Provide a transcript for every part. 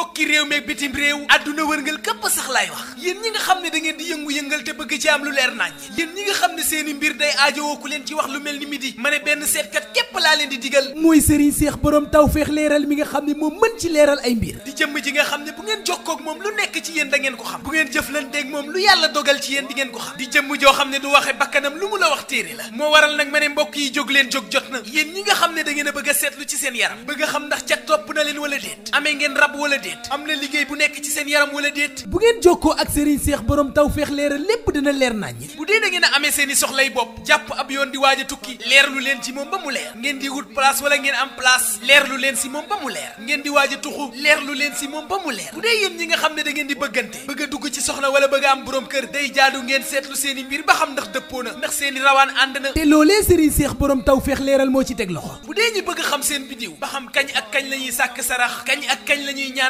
mbokki réew meeg bitim réew adduna wërngal képp sax laay wax yéen ñi nga xam ne da ngeen di yëngu-yëngal te bëgg ci am lu leer nañ yéen ñi nga xam ne seeni mbir day aajowoo ku leen ci wax lu mel ni midi ma ne benn seetkat képp laa leen di digal mooy sëriñ seex boroom tawfeex leeral mi nga xam ne moom mën ci leeral ay mbir di jëmm ji nga xam ne bu ngeen jokkoo ak moom lu nekk ci yéen da ngeen ko xam bu ngeen jëflanteeg moom lu yàlla dogal ci yéen di ngeen ko xam di jëmm joo xam ne du waxe bakkanam lu mu la wax téere la moo waral nag ma ne mbokk yi jóg leen jóg jot na yéen ñi nga xam ne da ngeen a bëgg a seen yaram bëgg a xam ndax ca topp na leen wala déet déet am na liggéey bu nekk ci seen yaram wala déet bu ngeen jokkoo ak Serigne Cheikh borom tawfeex leeral lépp dina leer naññ bu dee da ngeen a amee seen i soxlay bopp jàpp ab yoon di waaj a tukki leer lu leen ci moom ba mu leer ngeen di wut place wala ngeen am place leer lu leen si moom ba mu leer ngeen di waaj tuxu leer leen si moom ba mu leer bu dee yéen ñi nga xam ne da ngeen di bëggante bëgg a dugg ci soxna wala bëgg a am borom kër day jaadu ngeen seetlu seen i mbir ba xam ndax dëppoo na ndax seen i rawaan ànd na te loolee Serigne Cheikh borom tawfeex leeral moo ci teg loxo bu dee ñi bëgg xam seen bidiw ba xam kañ ak kañ ak kañ la ñuy ñaan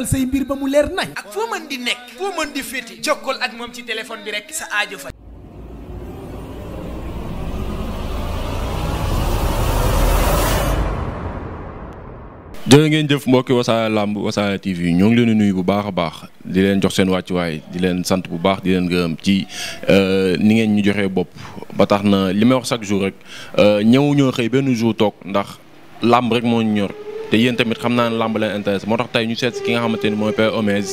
leeral say mbir ba mu leer nañ. ak ak moom ci téléphone bi rek sa aajo fa. jërë ngeen jëf mbokki wasaare làmb wasaare TV ñoo ngi leen di nuyu bu baax a baax di leen jox seen wàccuwaay di leen sant bu baax di leen gërëm ci euh, ni ngeen ñu joxee bopp ba tax na li may wax chaque jour rek euh, ñëw xëy benn jour toog ndax làmb rek moo ñor. te yéen tamit xam naa ne làmb leen intéresse moo tax tey ñu seet si ki nga xamante ni mooy Père Omez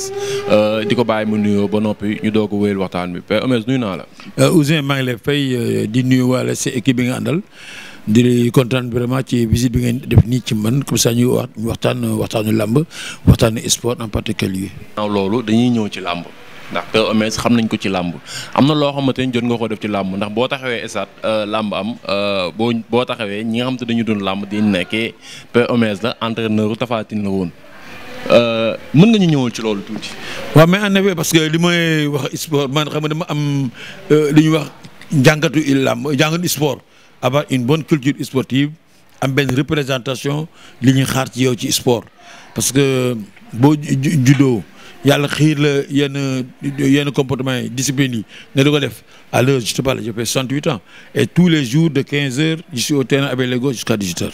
euh, di ko bàyyi mu nuyoo ba noppi ñu doo ko wéyal waxtaan bi Père Omez nuyu naa la. Euh, Ouzin maa ngi lay fay euh, di nuyu waale sa équipe bi nga àndal di kontaan vraiment ci visite bi ngeen def nii ci man comme ça ñuy wax waxtaan waxtaanu làmb waxtaanu sport en particulier. loolu dañuy ñëw ci làmb. ndax te euh, au xam nañ ko ci làmb am na loo xamante ni jot nga koo def ci làmb ndax boo taxawee esaat euh, làmb am euh, boo boo taxawee ñi nga xam te dañu doon làmb di nekkee pe au moins la entraîneur Tapha Tine la woon mën nga ñu ci loolu tuuti. waaw mais en effet parce que li may wax sport man xam nga dama am li ñuy wax jàngatu il làmb jàngatu sport avoir une bonne culture sportive am benn représentation li ñu xaar ci yow ci sport parce que boo juddoo. yàlla xiir la yenn yenn comportement yi discipline yi ne du ko def je te parle j'ai ans et tous les jours de 15 heures je suis au terrain avec les gars jusqu'à 18 heures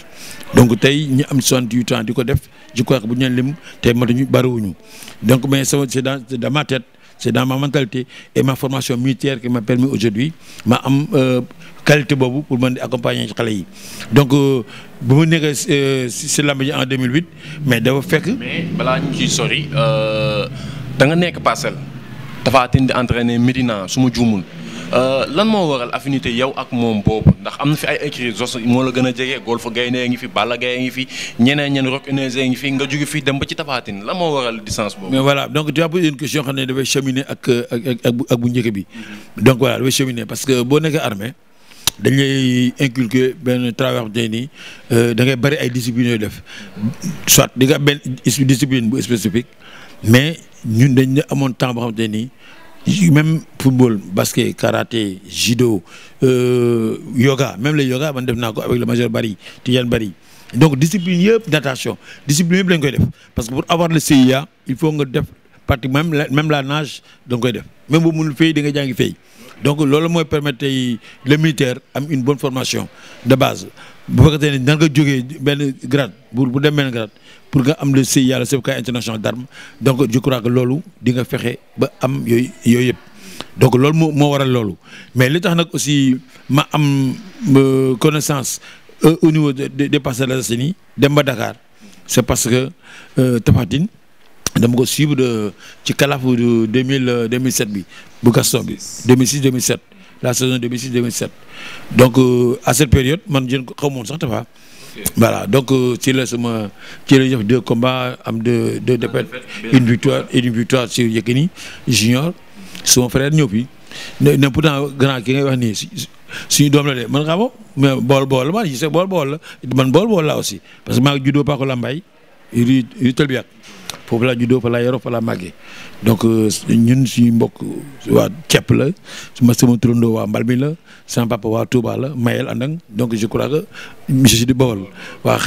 donc tey ñu am 68 ans di ko def je crois bu ñu leen lim tey matuñu bariwuñu donc mais sama c'est dans ma c'est dans ma mentalité et ma formation militaire qui m'a permis aujourd'hui ma am euh, qualité boobu pour man di accompagner ci xale yi donc euh, bu ma nekkee euh, si lamb ji en 2008 mais dafa fekk. mais balaa ñu ciy sori da nga nekk parcelle dafa atteindre entraîner Médina su ma juumul. Euh, lan moo waral affinité yow ak moom boobu ndax am na fi ay écrit Zos moo la gën a jege Golf Gaynde ngi fi Balla Gaye ngi fi ñeneen ñeneen Rock Énergie ngi fi nga jóge fii dem ba ci Tapha Tine lan moo waral distance boobu. mais voilà donc tu as posé xam ne dafay cheminer ak bu njëkk bi. donc voilà dafay cheminer parce que boo nekkee armée dañ lay inculquer benn travail tey nii euh, da ngay bëri ay discipline yooyu def soit di nga benn discipline bu spécifique mais ñun dañ ne amoon temps boo même football basket karaté judo euh, yoga même le yoga man def naa ko avec le major Bari Tidiane Bari donc discipline yëpp natation discipline yëpp lañ koy def parce que pour avoir le CIA il faut nga def pratiquement même la même la nage dang koy def même bu mënul fay da nga jàngi fay donc loolu mooy permettre tey le militaire am une bonne formation de base. bu fekkee ne nan nga jógee benn grade pour bu dem benn grade pour nga am le CIA le certificat international d'armes donc je loolu di nga fexe ba am yooyu yooyu yëpp donc loolu moo moo waral loolu mais li tax nag aussi ma am euh, connaissance euh, au niveau de des Parcelles Assainies dem ba Dakar c'est parce que euh, Tapha Tine dama ko suivre de ci kalaafu 2000 2007 bi bu Gaston bi 2006 2007 la saison 2006 2007 donc euh, à cette période man jën ko xamoon sax Tapha voilà donc euh, ci la sama ci la def deux combats am de deux défaites ah, une victoire et une victoire sur Yekini junior suma frère ñëw fi ne ne pourtant grand ki ngay wax nii suñu doom la de man xamoo mais bool bool man gis bool bool la man bool bool la aussi parce que maa ngi juddoo Paco Lambaye ru ru Tëlbiak foofu laa juddoo fa laa yoroo fa laa donc euh, ñun suñu mbokk waa ceeb la ma sama turandoo waa Mbalmi la sama papa waa Touba la Mayel Andang donc je crois que je suis di Bawol waaw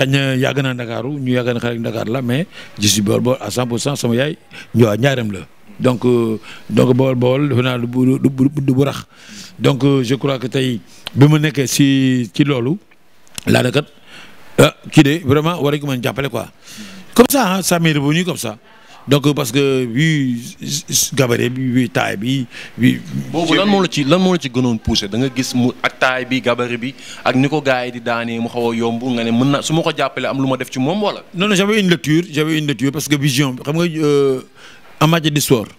yàgg naa Ndakaaru ñu yàgg na xale la mais je suis Bawol Bawol à 100 pour cent sama yaay ñoo ñaareem la. donc euh, donc Bawol Bawol defe naa du bu du bu rax donc euh, je crois que tey bi ma nekkee si ci loolu laa ne kat ah kii de vraiment war nañu ko mën jàppale quoi. comme ça hein, ça m'est revenu comme ça. donc euh, parce que bi gabarit bi bi taay bi bi. boobu lan moo la ci lan moo ci gënoon poussé da nga gis mu ak taay bi gabarit bi ak ni ko gars yi di daanee mu xaw a yomb nga ne mën na su ma ko jàppalee am lu ma def ci moom wala. non non j'avais une lecture j'avais une lecture parce que vision bi xam nga euh, en matière de sport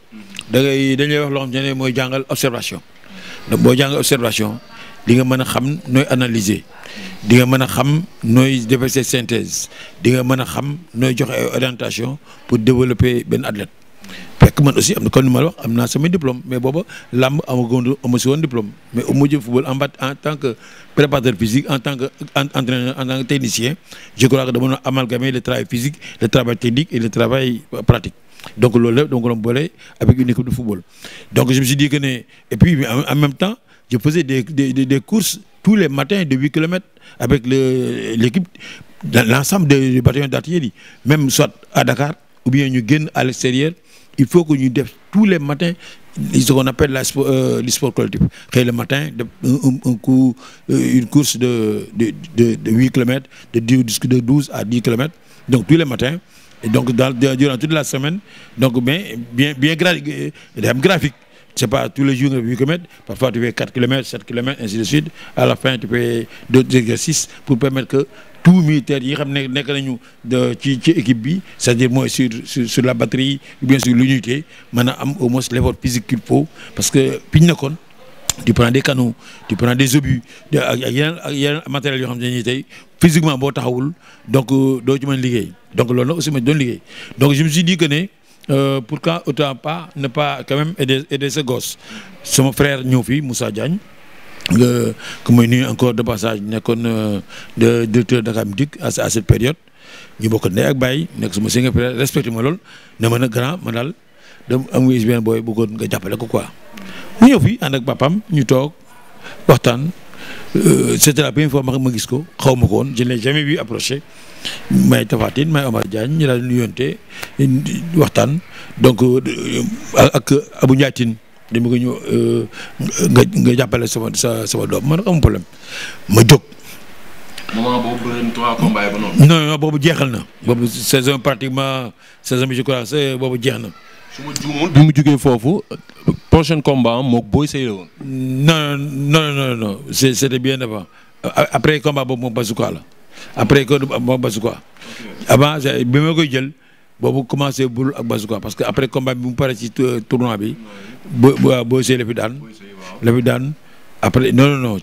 da ngay dañuy wax loo xam ne mooy jàngal observation. donc boo jàngal observation. di nga mën a xam nooy analyser di nga mën a xam nooy defar synthèse di nga mën a xam nooy joxe ay orientation pour développer benn athlète fekk man aussi am na kon ni ma la wax am na samay diplôme mais booba làmb amagoon ama si woon diplôme mais au mujj football en en tant que préparateur physique en tant que entraîneur en tant que technicien je crois que dama doon amalgamer le travail physique le travail technique et le travail euh, pratique donc loolu lépp dama ko doon avec une je faisais des des des courses tous les matins de huit kilomètres avec le l'équipe l'ensemble de bataillons d'artillerie même soit à Dakar ou bien ñu génn à l'extérieur il faut que ñu def tous les matins ce qu'on appelle la sport euh, le collectif xëy le matin de un un coup euh, une course de de de de huit kilomètres de dix de douze à dix kilomètres donc tous les matins et donc durant toute la semaine donc mais bien bien gra day euh, am graphique. c'est pas tous les jours nga 8 kilomètres parfois tu fais 4 kilomètres 7 kilomètres ainsi de suite à la fin tu fais d'autres exercices pour permettre que tout militaire yi xam ne nañu ci équipe bi c'est-à-dire mooy sur sur la batterie ou bien sur l'unité mën a am au moins l'effort physique qu'il faut parce que piñ nekkoon tu prends des canons tu prends des obus ak yeneen ak yeneen matériels yoo xam ne nii tey physiquement boo taxawul donc euh, doo ci mën liggéey donc loolu nag aussi ma je me suis euh, pourquoi autant pas ne pas quand même aider aider ce gosse sama frère ñëw fii Moussa Diagne nga ku may nuyu encore de passage nekkoon euh, de directeur Dakar Midi à à cette période ñu bokk ndey ak baay nekk sama seen frère respecté ma lool na ma a grand ma daal dem am wis benn booy bëggoon nga jàppale ko quoi mu ñëw fii ak papaam ñu toog waxtaan. Euh, c'était la première fois ma gis ko xaw ma ko woon je n'ai jamais vu approché may Tapha Tine may Omar Diagne ñu daal di nuyonte waxtaan donc euh, euh, ak abu Ndiaye Tine dama ko ñëw nga nga jàppale sama sa sama doom man amul problème ma jóg. moment boobu jeexal na. boobu saison pratiquement saison bi je crois boobu jeex na. su bi mu jugee foofu prochain combat moog booy sëy la woon. non non non non bien avant après combat boobu moom Bazooka la que moom Bazooka. jël boobu commencé bul ak Bazooka parce que après comba bi mu pare ci tournoi bi bo booy sëy la daan. la daan après non non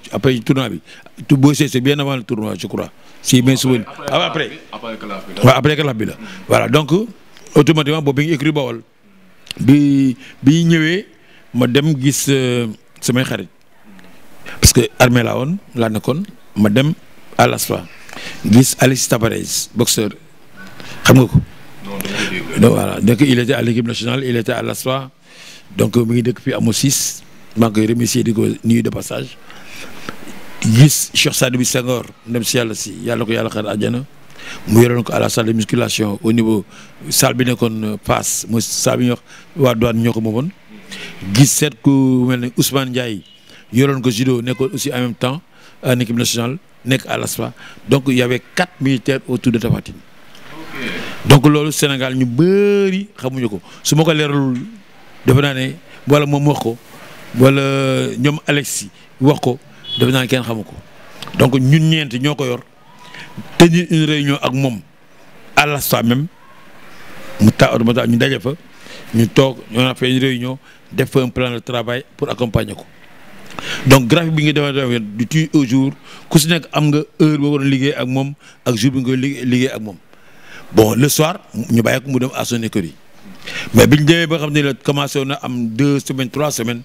tournoi bi tu booy sëy c' bien avant tournoi je si bien sûr après après. après calaf bi la voilà boobu bi ngi écrit bi bi ñëwee ma dem gis euh, samay xarit parce que armée laa woon laa ma dem à l'ASFA gis Alexis Tabarez boxeur xam nga ko. non voilà il était à l'équipe nationale il était à l'ASFA donc euh, mi ngi dëkk fii amoo siis maa ngi koy remercier di ko nuyu de passage gis Cheikh Sadibou Senghor ndem si yàlla si yàlla ko yàlla xar àjjana mu yoroon ko à la salle de musculation au niveau salle bi nekkoon paas euh, mooy salle bi waa douane ñoo ko moomoon gis seet ku mel ne Ousmane Ndiaye yoroon ko judo nekkoon aussi en même temps en équipe nationale nekk à l'ASFA donc il y avait au tout autour de Tapha Tine donc loolu Sénégal ñu bëri xamuñu ko su ma ko leeralul defe naa ne wala moom wax ko wala euh, ñoom Alexis wax ko defe naa kenn xamu ko donc ñun ñeenti ñoo ko yor. tenir une réunion ak moom à l'instant même mu taa ma taa ñu daje fa ñu toog on a fait une réunion def fa un plan de travail pour accompagner ko donc graphique bi nga demee du tuy au jour ku si nekk am nga heure boo war liggéey ak moom ak jour bi nga liggéey ak moom bon le soir ñu bàyyi ko mu dem à son écurie mais bi ñu demee ba xam ne la commencé woon na am deux semaine trois semaines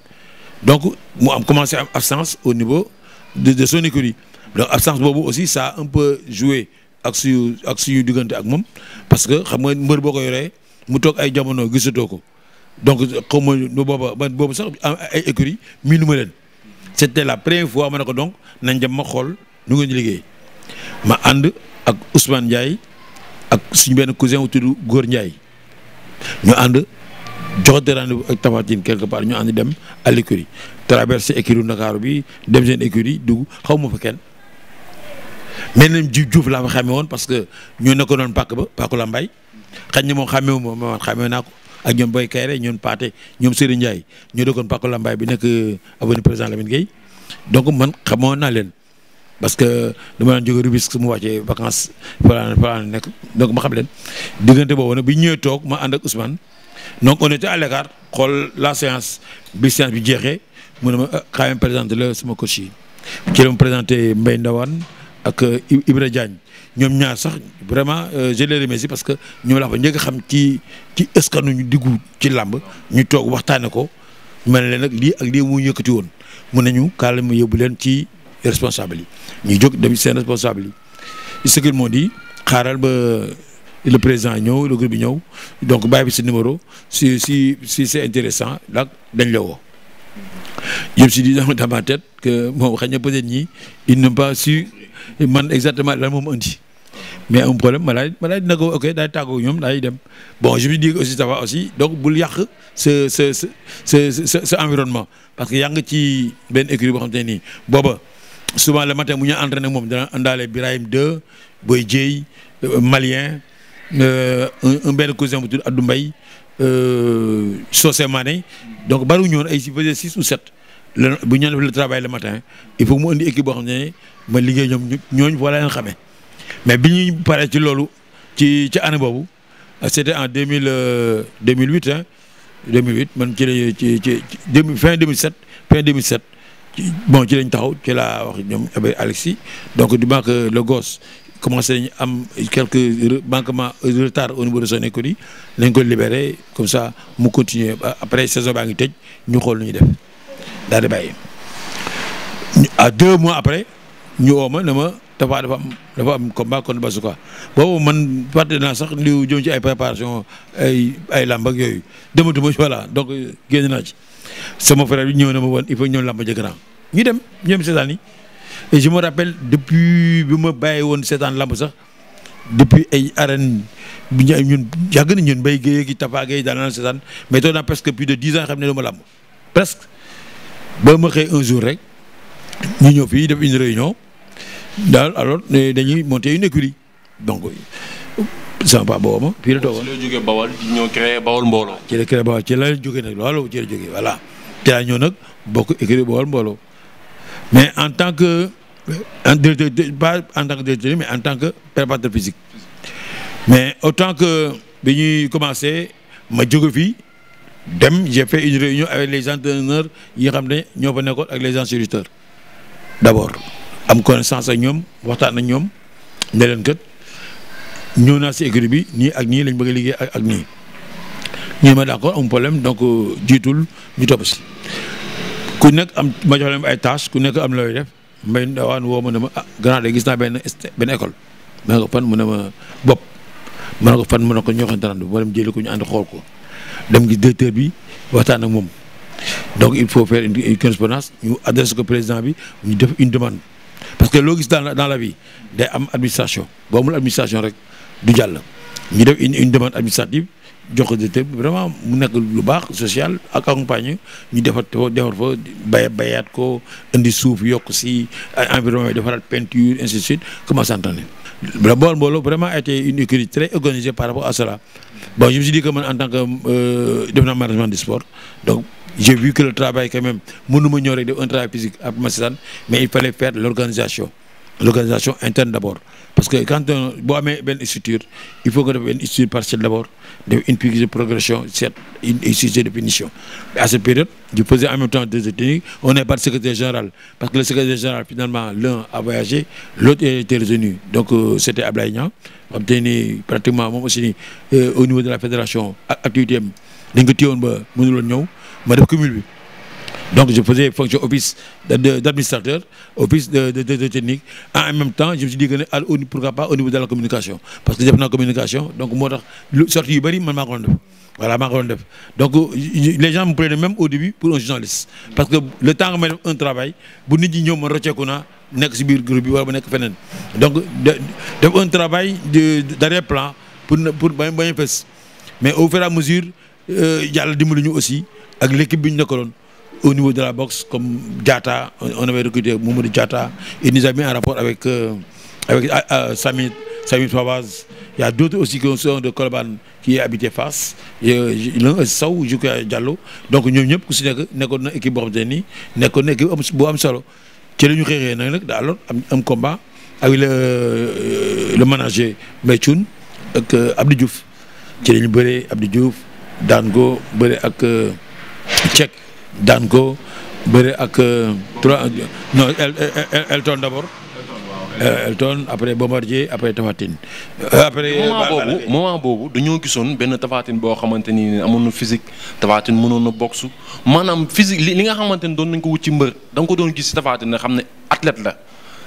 donc mu am commencé am absence au niveau de de son écurie donc absence boobu aussi ça a un peu joué ak suñu ak suñu diggante ak moom parce que xam nga mbër boo ko yoree mu toog ay jamono gisatoo ko donc xaw nu booba man boobu sax ay écurie mii nu ma leen c' était la première fois ma ne ko donc nañ dem ma xool nu ngeen liggéey ma ànd ak Ousmane Ndiaye ak suñ benn cousin wu tudd Góor Ndiaye ñu ànd joxante rendez-vous ak Tapha Tine quelque part ñu ànd dem à l'écurie traversé écurie Ndakaaru bi dem seen écurie dugg xaw ma fa kenn. mais nañ Diouf Diouf laa ma xamee woon parce que ñoo nekkoon doon pàkk ba pàkku la mbay xañ na moom xamee wu ma xamee naa ko ak ñoom Boy Kayre ñoom Paate ñoom Serigne Ndiaye ñoo dëkkoon pàkku la mbay bi nekk euh, avenue président Lamine Gueye donc man xamoon naa leen parce que dama daan jóge Rubis su mu wàccee vacances falan falan nekk donc ma xam leen diggante boobu nag bi ñëwee toog ma ànd ak Ousmane donc on était à xool la séance bi séance bi jeexee mu ne ma xaaral ma la sama coach yi ci la ma présenté ak euh, Ibra Diagne ñoom ñaar sax vraiment euh, je les remercie parce que ñoo la fa njëkk xam ci ci ëskanu ñu diggu ci làmb ñu toog waxtaane ko mel ne leen nag lii ak lii mu yëkkati woon mun nañu kaala mu yóbbu leen ci responsable yi ñu jóg dem seen responsable yi ce qu'ils m'ont dit xaaral ba le président ñëw bi ñëw donc bàyyi bi numéro si si si c'est intéressant donc dañ la moom xëy na peut ñi il n'a pas man exactement lan moom andi mais un problème ma laay ma laay dina ko ok daay tàggoo ñoom daay dem bon je veux dire aussi ça aussi donc bul yàq sa sa sa sa sa environnement parce que yaa ngi ci benn écurie boo xam te ne nii booba souvent le matin mu ñu entraîné moom dana àndaale Birahim 2 Boy Dieye euh, Malien euh, un benn cousin bu tudd Adou Mbaye euh, Socé Mané donc bariwuñu woon ay si faisait six ou sept le bu ñu def le travail le matin il faut mu indi équipe boo xam ne ma liggéey ñoom ñooñu wala leen xamee mais bi ñuy paree ci loolu ci ci année boobu c'était en deux mille euh, deux mille huit ah deux mille huit man ci la ci ci fin deux mille sept fin deux mille sept bon ci lañ taxaw ci laa wax ñoom avec Alexis donc di manque le gosse commencé nañ am quelques manquements retard au niveau de son école yi lañ ko libéré comme ça mu continuer après saison baa ngi tëj ñu xool lu ñuy def. daal di bàyyi à deux mois après ñu woo ma ne ma dafa dafa am dafa am combat contre Basuka boobu man fàtte naa sax li jëm ci ay préparation ay ay làmb ak yooyu dematuma voilà donc génn naa ci sama frère bi ñëw na ma woon il faut ñëw làmb ja grand ñu dem ñoom seetaan yi et je me rappelle depuis bi ma bàyyi woon seetaan làmb sax depuis ay arène bi ñu ñun yàgg na ñun Mbaye Guèye gi Tafa Guèye daan naan seetaan mais toog naa presque plus de dix ans xam ne du ma làmb presque. ba ma xëy un jour rek ñu ñëw fii def une réunion daal alors dañuy monter une écurie donc sama papa boobu ma fii la toogoon. ci la jógee Bawol di Mbooloo. ci la créé ci la jógee nag loolu ci la jógee voilà te ñëw nag bokk écurie Bawol Mbooloo mais en tant que en directeur pas en tant que directeur mais en tant que préparateur physique mais autant que bi ñuy commencé ma jóge fii. dem j'ai fait une réunion avec les entraîneurs yi xam ne ñoo fa nekkoon ak les instituteurs d' abord am connaissance ak ñoom waxtaan ak ñoom ne leen ñëw naa si écurie bi nii ak nii lañ bëgg a liggéey ak ak nii ñu ma d' accord problème donc euh, jiitul ñu topp si ku nekk am ma jox ay tâches ku nekk am looy def mbay ndawaan woo ma ne ma ah grand gis naa benn benn école ma ne ko fan mu ne bopp ma ne ko fan mu ne ko ñoo xam ne dara du ma jëli ko ñu ànd xool ko. dem gis directeur bi waxtaan ak moom donc il faut faire une correspondance ñu adresse ko président bi ñu def une demande parce que loo gis dans dans la vie day am administration boo amul administration rek du jàll ñu def une une demande administrative jox ko directeur bi vraiment mu nekk lu baax social ak accompagner ñu defar fa defar fa bay bayaat ko indi suuf yokku si environnement yi defaraat peinture ainsi de suite comment s'entendre la Baol Mbolo vraiment a été une écurie très organisée par rapport à cela. Bon, je me suis dit que moi, en tant que euh, développement management du sport, donc j'ai vu que le travail quand même, mënuma ñëw rek def un travail physique à Massissane, mais il fallait faire l'organisation, l'organisation interne d'abord. parce que quand boo amee benn structure il faut que def benn structure partielle d'abord def une piste de progression certes une structure de finition à cette période je faisais en même temps de secrétaire général parce que le secrétaire général finalement l'un a voyagé l'autre était retenu donc euh, c'était Ablaye Niang pratiquement moom aussi ni euh, au niveau de la fédération activité am dañ ko ba mënuloon ñëw ma def cumul bi donc je faisais fonction office d'administrateur office de, de, de, de technique ah, en même temps je me suis dit que ne pourquoi pas au niveau de la communication parce que def naa communication donc moo tax sortie yu bëri man def voilà maa ko def donc les gens me prenaient même au début pour un journaliste parce que le temps nga may def un travail bu nit ñi ñëw ma rocceeku nekk si biir groupe bi wala ba nekk feneen donc def un travail de d'arrière plan pour pour bañ bañ a mais au fur et à mesure euh, yàlla ñu aussi ak l'équipe bi ñu nekkaloon au niveau de la boxe comme Diatta on avait recruté Mamadou Diatta il nous a mis en rapport avec euh, avec euh, euh Samy Samy Fawaz aussi qui sont de Colobane qui habitaient Fass euh, saw Sow je crois donc ñoom ñëpp ku si nekk nekkoon na équipe boo xam te nii nekkoon na équipe am am solo la ñu xeexee nag nag daal am am combat avec le euh, le manager Mbaye ak Abdou Diouf ci ñu bëree Abdou Diouf daan ko ak Cheikh daan ko bëre ak euh, trois non Elton d'abord. Elton après Bombardier après Tapha Tine. Euh, après moment boobu moment boobu dañoo gisoon benn Tapha boo xamante ni amoon na physique Tapha Tine mënoon na boxe maanaam physique li nga xamante ni doon nañ ko wut ci mbër da nga ko doon gis si Tapha xam ne athlète la.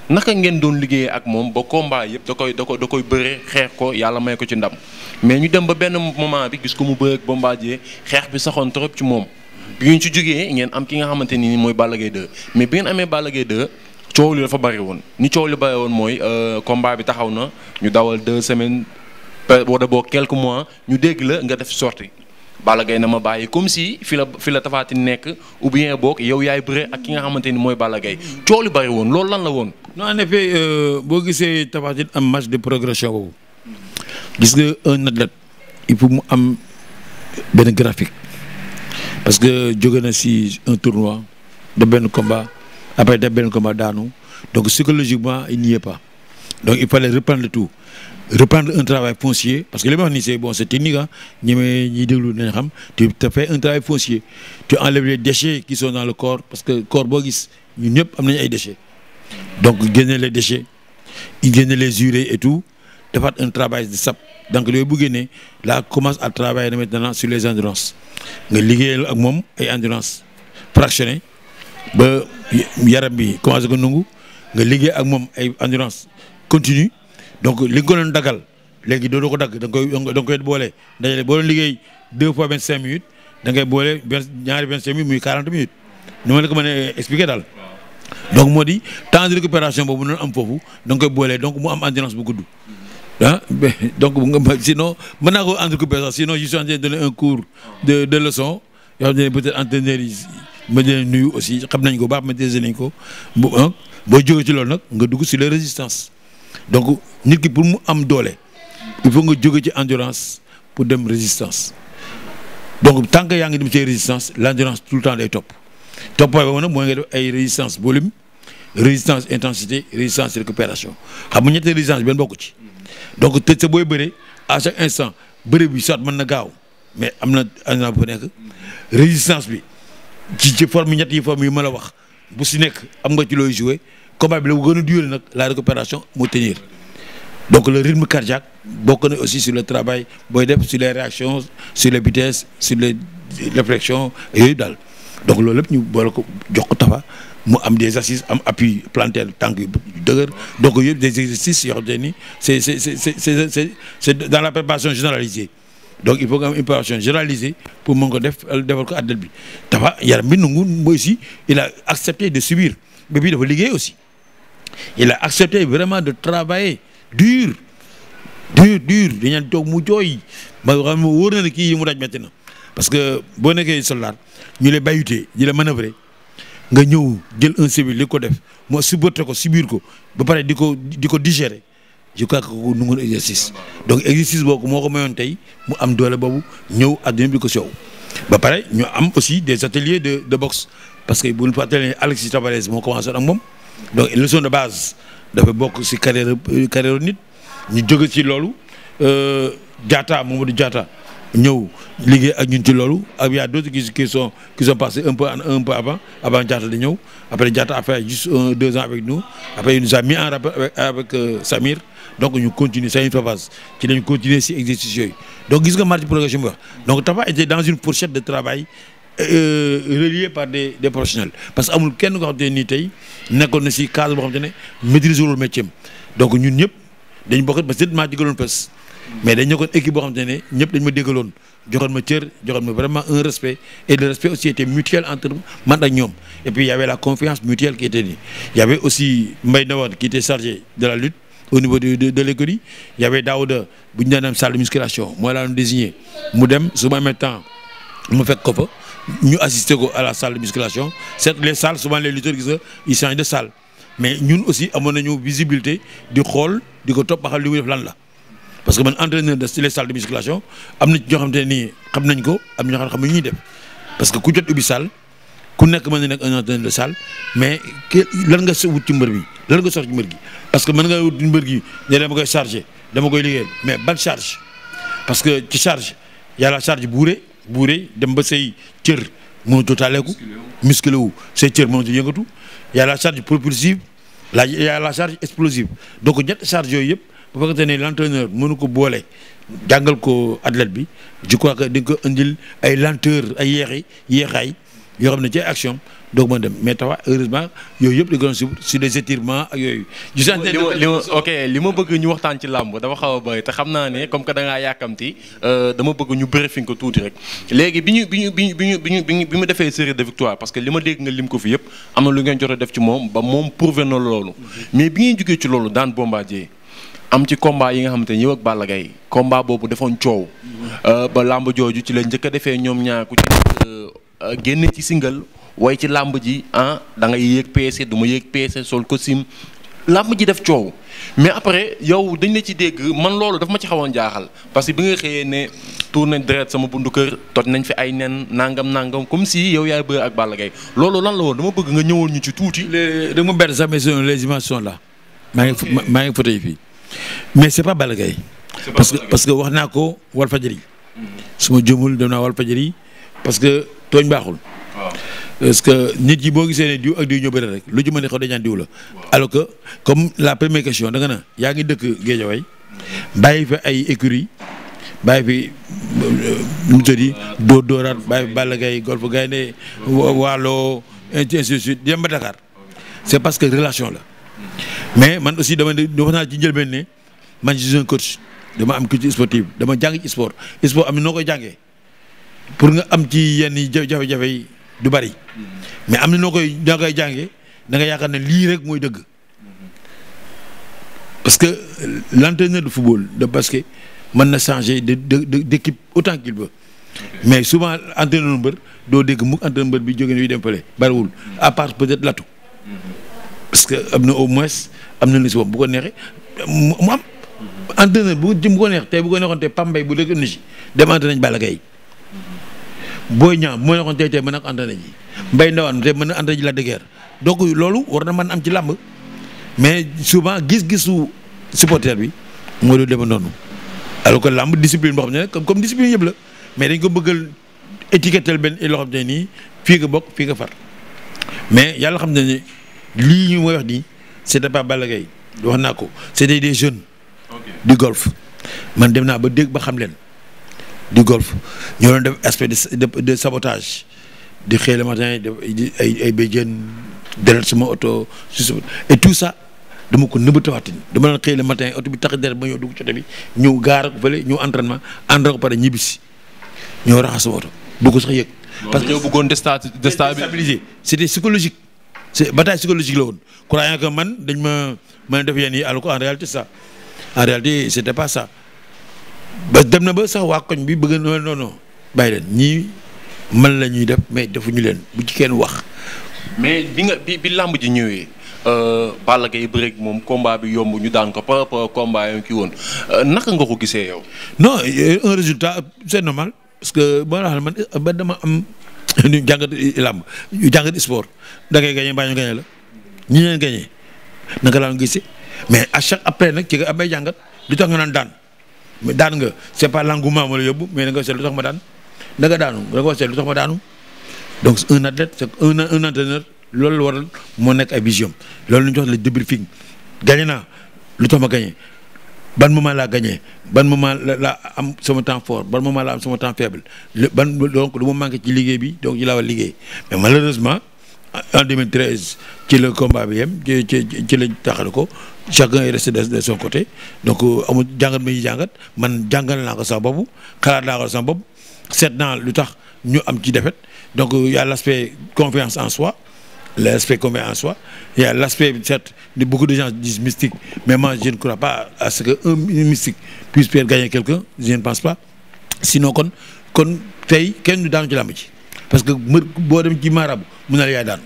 naka ngeen doon liggéeyee ak moom ba combat yëpp da koy da koy da koy bëree xeex ko yàlla may ko ci ndam mais ñu dem ba benn moment bi gis ko mu bëre ak Bombardier xeex bi saxoon trop ci moom. bi ñu ci jógee ngeen am ki nga xamante ni mooy Balla Gaye mais bi ngeen amee Balla Gaye 2 coow li dafa bëri woon ni coow li bëri woon mooy euh, combat bi taxaw na ñu dawal semaine semaines wala boo quelques mois ñu dégg la nga def sortie Balla Gaye na ma bàyyi comme si fi la fi la Tapha Tine nekk ou bien boog yow yaay bëre ak ki nga xamante ni mooy Balla Gaye coow li bëri woon loolu lan la woon. non en effet euh, boo gisee Tapha Tine am match de progression gis nga un il faut mu am benn graphique. parce que jóge na si un tournoi de benn combat après de benn combat daanu donc psychologiquement il n'y est pas donc il fallait reprendre tout reprendre un travail foncier parce que li ma ni nii c'est bon c'est technique ah ñi may ñiy déglu nañ xam tu te fais un travail foncier tu enlèves les qui sont dans le corps parce que corps boo gis ñun ñëpp am nañu ay déchets donc génne les déchets génne les urées et tout defaat un travail de sap donc yooyu bu génnee la commence à travailler maintenant sur les endurances nga liggéeyal ak moom ay endurance fractionné ba yaram bi commencé ko nangu nga liggéey ak moom ay endurance continue donc li nga ko doon daggal léegi doo ko dagg da nga koy da nga koy boole dajale boo liggéey deux fois vingt cinq minutes da ngay boole benn ñaari vingt cinq minutes muy quarante minutes ni ma la ko mën a expliquer daal. donc moo di temps de récupération boobu noonu am foofu da nga koy boole donc mu am endurance bu gudd. ah donc sinon mën naa ko entrecoupé sax sinon je suis en train de donner un cours de de leçon aussi xam nañ ko baax maîtriser nañ ko bu boo jógee ci loolu nag nga dugg sur la résistance donc nit ki pour mu am doole il nga jóge ci endurance pour dem résistance donc tant yaa ngi dem ci résistance l'endurance tout le temps day topp toppaay boobu nag mooy nga def ay résistance volume résistance intensité résistance récupération xam nga ñetti résistance benn bokku ci. donc te sa booy bëree à chaque instant bëre bi soit mën na gaaw mais am na agent bu nekk résistance bi ci ci forme ñett yi forme yi ma la wax bu si nekk am nga ci looy joué combat bi la gën a durer nag la récupération mu tenir donc le rythme cardiaque bokk na aussi sur le travail booy def sur les réactions sur les vitesses sur les réflexions yooyu daal donc loolu lépp ñu boole ko jox ko Tapha mu am des assises am appui plantaire tànk yu dëgër donc yëpp des exercices yoo xam te ni c'est c'est c'est c'est c'est dans la préparation généralisée donc il faut nga préparation généralisée pour mën ko def defal ko athlète bi dafa yaram bi nangu mooy si il a accepté de subir ba bii dafa liggéey aussi il a accepté vraiment de travailler dur dur dur dañaan toog mu jooy ma xam wóor na ne kii yi mu daj metti na parce que boo nekkee soldat ñu lay bayutee di la manœuvrer nga ñëw jël un civil li ko def moo supporté ko si biir ko ba pare di ko di ko digérer je crois que ku nangoon exercice donc exercice boobu moo ko mayoon tey mu am doole boobu ñëw àdduna bi ko soow ba pare ñu am aussi des ateliers de de boxe parce que bu ñu fàttalee Alexis Tavares moo commencé ak moom donc leçon de base dafa bokk si carrière euh, carrière nit ñu jóge ci loolu euh, Diatta di Diatta ñëw liggéey ak ñun ci loolu ak y' a d' autres qui qui sont qui sont un peu avant avant Diatta di ñëw après Diatta a fait juste un deux ans avec nous après il nous en rapport avec avec euh, Samir donc ñu continuer sa une phase ci lañ continuer si exercice yooyu donc gis nga marge de progression bi wax donc Tapha était dans une fourchette de travail euh, par des des professionnels parce que amul kenn koo xam te nii tey nekkoon na si cadre boo xam te ne maîtriser wul métier donc ñun ñëpp dañ bokk ba seulement jigaloon pes mais dañ nekkoon équipe boo xam te ne ñëpp dañ ma déggaloon joxoon ma cër joxoon ma vraiment un respect et le respect aussi était mutuel entre man ak ñoom et puis y avait la confiance mutuelle qui était nii y avait aussi Mbaye Nawad qui était chargé de la lutte au niveau de de de l'écurie y avait Daouda bu ñu daan am salle de musculation moo laa doon désigné mu dem su ma amee temps mu fekk ko fa ñu assister ko à la salle de musculation certes les salles souvent les lutteurs gis nga ils salle mais ñun aussi amoon nañu visibilité di xool di ko topp ba xam li muy lan la. parce que man entraîneur de si les salles de musculation am na ci ñoo xam te nii xam nañ ko am ñoo xam ne xam ñuy def parce que ku jot ubbi salle ku nekk ma na nekk un de salle mais lan nga wut ci mbër bi lan nga sox ci mbër gi parce que mën nga wut ci mbër gi ne dama koy chargé dama koy liggéeyal mais bal charge parce que ci charge yàlla charge buure buure dem ba sey cër mënatoo taaleeku musculé wu say cër mënatoo yëngatu yàlla charge propulsive la yàlla charge explosive donc ñett charge yëpp bu fekkente ne l'entraîneur mënu ko boole jàngal ko athlète bi je crois que di ko indil ay lenteur ay yeexi yeexaay yoo xam ne ci action doog mën dem mais tawa heureusement yooyu yëpp di gën a suivre sur les étirements ak yooyu. li ma ma ok li ma bëgg ñu waxtaan ci làmb dafa xaw a bëri te xam naa ne comme que danga ngaa yàkkamti euh, dama bëgg ñu briefing ko tuuti rek. léegi bi ñu bi ñu bi ñu bi ñu bi mu defee série de victoire parce que li ma dégg nga lim ko fi yëpp am na lu ngeen jot a moom ba moom prouvé na loolu. Mhm. mais bi ngeen jógee ci loolu daan Bombardier am ci combat yi nga xamante ni yow ak Balla Gaye combat boobu defoon coow euh, ba làmb jooju ci la njëkk defee ñoom ñaar ko ci nekk euh, euh, génn ci single way ci làmb ji ah da ngay yéeg PC du ma yéeg PC sol ko sim làmb ji def coow mais après yow dañ la ci dégg man loolu daf ma ci xawoon jaaxal parce que bi nga xëyee ne tuur nañ deret sama bundu kër toj nañ fi ay nen nangam nangam comme si yow yaay bëre ak Balla Gaye loolu lan la woon dama bëgg nga ñëwoon ñu ci tuuti. les dama bett sax les images sont mais c' est pas Balla parce que parce que wax naa ko wal Walfadjri mhm. su ma jëmul dem naa Walfadjri parce que tooñ baaxul. parce que nit yi boo gisee ne diw ak diw ñoo rek lu ci mën a xaw dañaan diw la. alors que comme la première question da nga na yaa ngi dëkk Géejawaay mhm. bàyyi fa ay écurie bàyyi fi euh, nu mu tëddi dóor dóoraat bàyyi fi Balla Gaye golf gaynde waalo ainsi de suite dem Dakar c'est parce que relation la. Mhm. mais man aussi dama ne naa ci njëlbeen ne man je suis coach dama am culture sportive dama jàng ci sport sport am na noo koy jàngee pour nga am ci yenn jafe-jafe yi du bari mais am na noo koy noo koy jàngee da nga yaakaar ne lii rek mooy dëgg parce que l'entraîneur du football de que mën na changer de de d'équipe autant qu'il ba mais souvent entraîneur mbër doo dégg mukk entraîneur mbër bi jógee ne yu dem fële bariwul à part peut-être latu parce que am na au moins am na liste boobu bu ko neexee mu am. entraîneur bu jëm bu ko neex tey bu ko neexoon tey Pambay bu dëkk Ndouchi dem entraîné nañ Balla Gaye booy ñaam bu ma neexoon tey tey mën a entraîné ji Mbaye Ndawaan tey mën a entraîné ji la dëgër donc loolu war na mën am ci làmb mais souvent gis-gisu supporter bi moo dul demee noonu alors que làmb discipline boo xam ne nag comme discipline yëpp la mais dañ ko bëggal étiquetel benn loo xam te nii fii nga bokk fii nga far mais yàlla xam ne ni lii ñu may wax nii c'était pas Balla Gaye wax naa ko c'était des jeunes. du golf man dem naa ba dégg ba xam leen du golf ñoo doon def aspect de de sabotage di xëy le matin def ay ay béjjén deret sama oto su et tout ça dama ko nëbbatawaatin dama doon xëy le matin oto bi tax deret ba ñëw dugg ci oto bi ñëw gaar ko fële ñëw entraînement ànd ko pare ñibbisi ñoo raxas sama oto du ko sax yëg. parce que ñoo bëggoon déstabiliser c'était psychologique. c'est bataille psychologique la woon croyant que man dañ ma ma def yenn yi àll en réalité ça en réalité c'était pas ça ba dem na ba sax waa koñ bi bëgg na non non bàyyi leen ñi man la ñuy def mais defuñu leen bu ci kenn wax. mais bi nga bi làmb ji ñëwee. Euh, Balla Gaye bëreeg moom combat bi yomb ñu daan ko par rapport combat yi ki woon euh, naka nga ko gisee yow. non un résultat c'est normal parce que boo xam man ba dama am. ñu jàngat làmb ñu jàngat sport da ngay gagné mbaa ñu gagné la ñu leen gagné naka laa gisee mais a chaque après nag ci nga jàngat lu tax nga naan daan daan nga c'est pas l'engouement ma la yóbbu mais da nga seet lu tax ma daan da nga daanu da nga lu tax ma daanu donc un athlète c'est un un entraîneur waral moo nekk ay vision loolu la ñu jox le débriefing gagné lu tax ma gagné ban moment laa gagné ban moment la laa am sama temps fort ban moment laa am sama temps faible ban donc lu ma manqué ci liggéey bi donc ci la war liggéey mais malheureusement ci la combat bi yem ci ci ci la taxal ko chacun est resté de son côté donc euh, amul jàngat ma ñuy jàngat man jàngal naa ko sama bopp xalaat naa ko sama bopp seet lu tax ñu am ci défaite donc euh, y a l'aspect confiance en soi l'aspect qu'on met en soi. Il a l'aspect, certes, de beaucoup de gens disent mystique, mais moi, je ne crois pas à ce qu'un mystique puisse faire gagner quelqu'un, je ne pense pas. Sinon, kon kon tey kenn du daan ci làmb ji parce que mbër boo dem ci maarabu mun na la daan.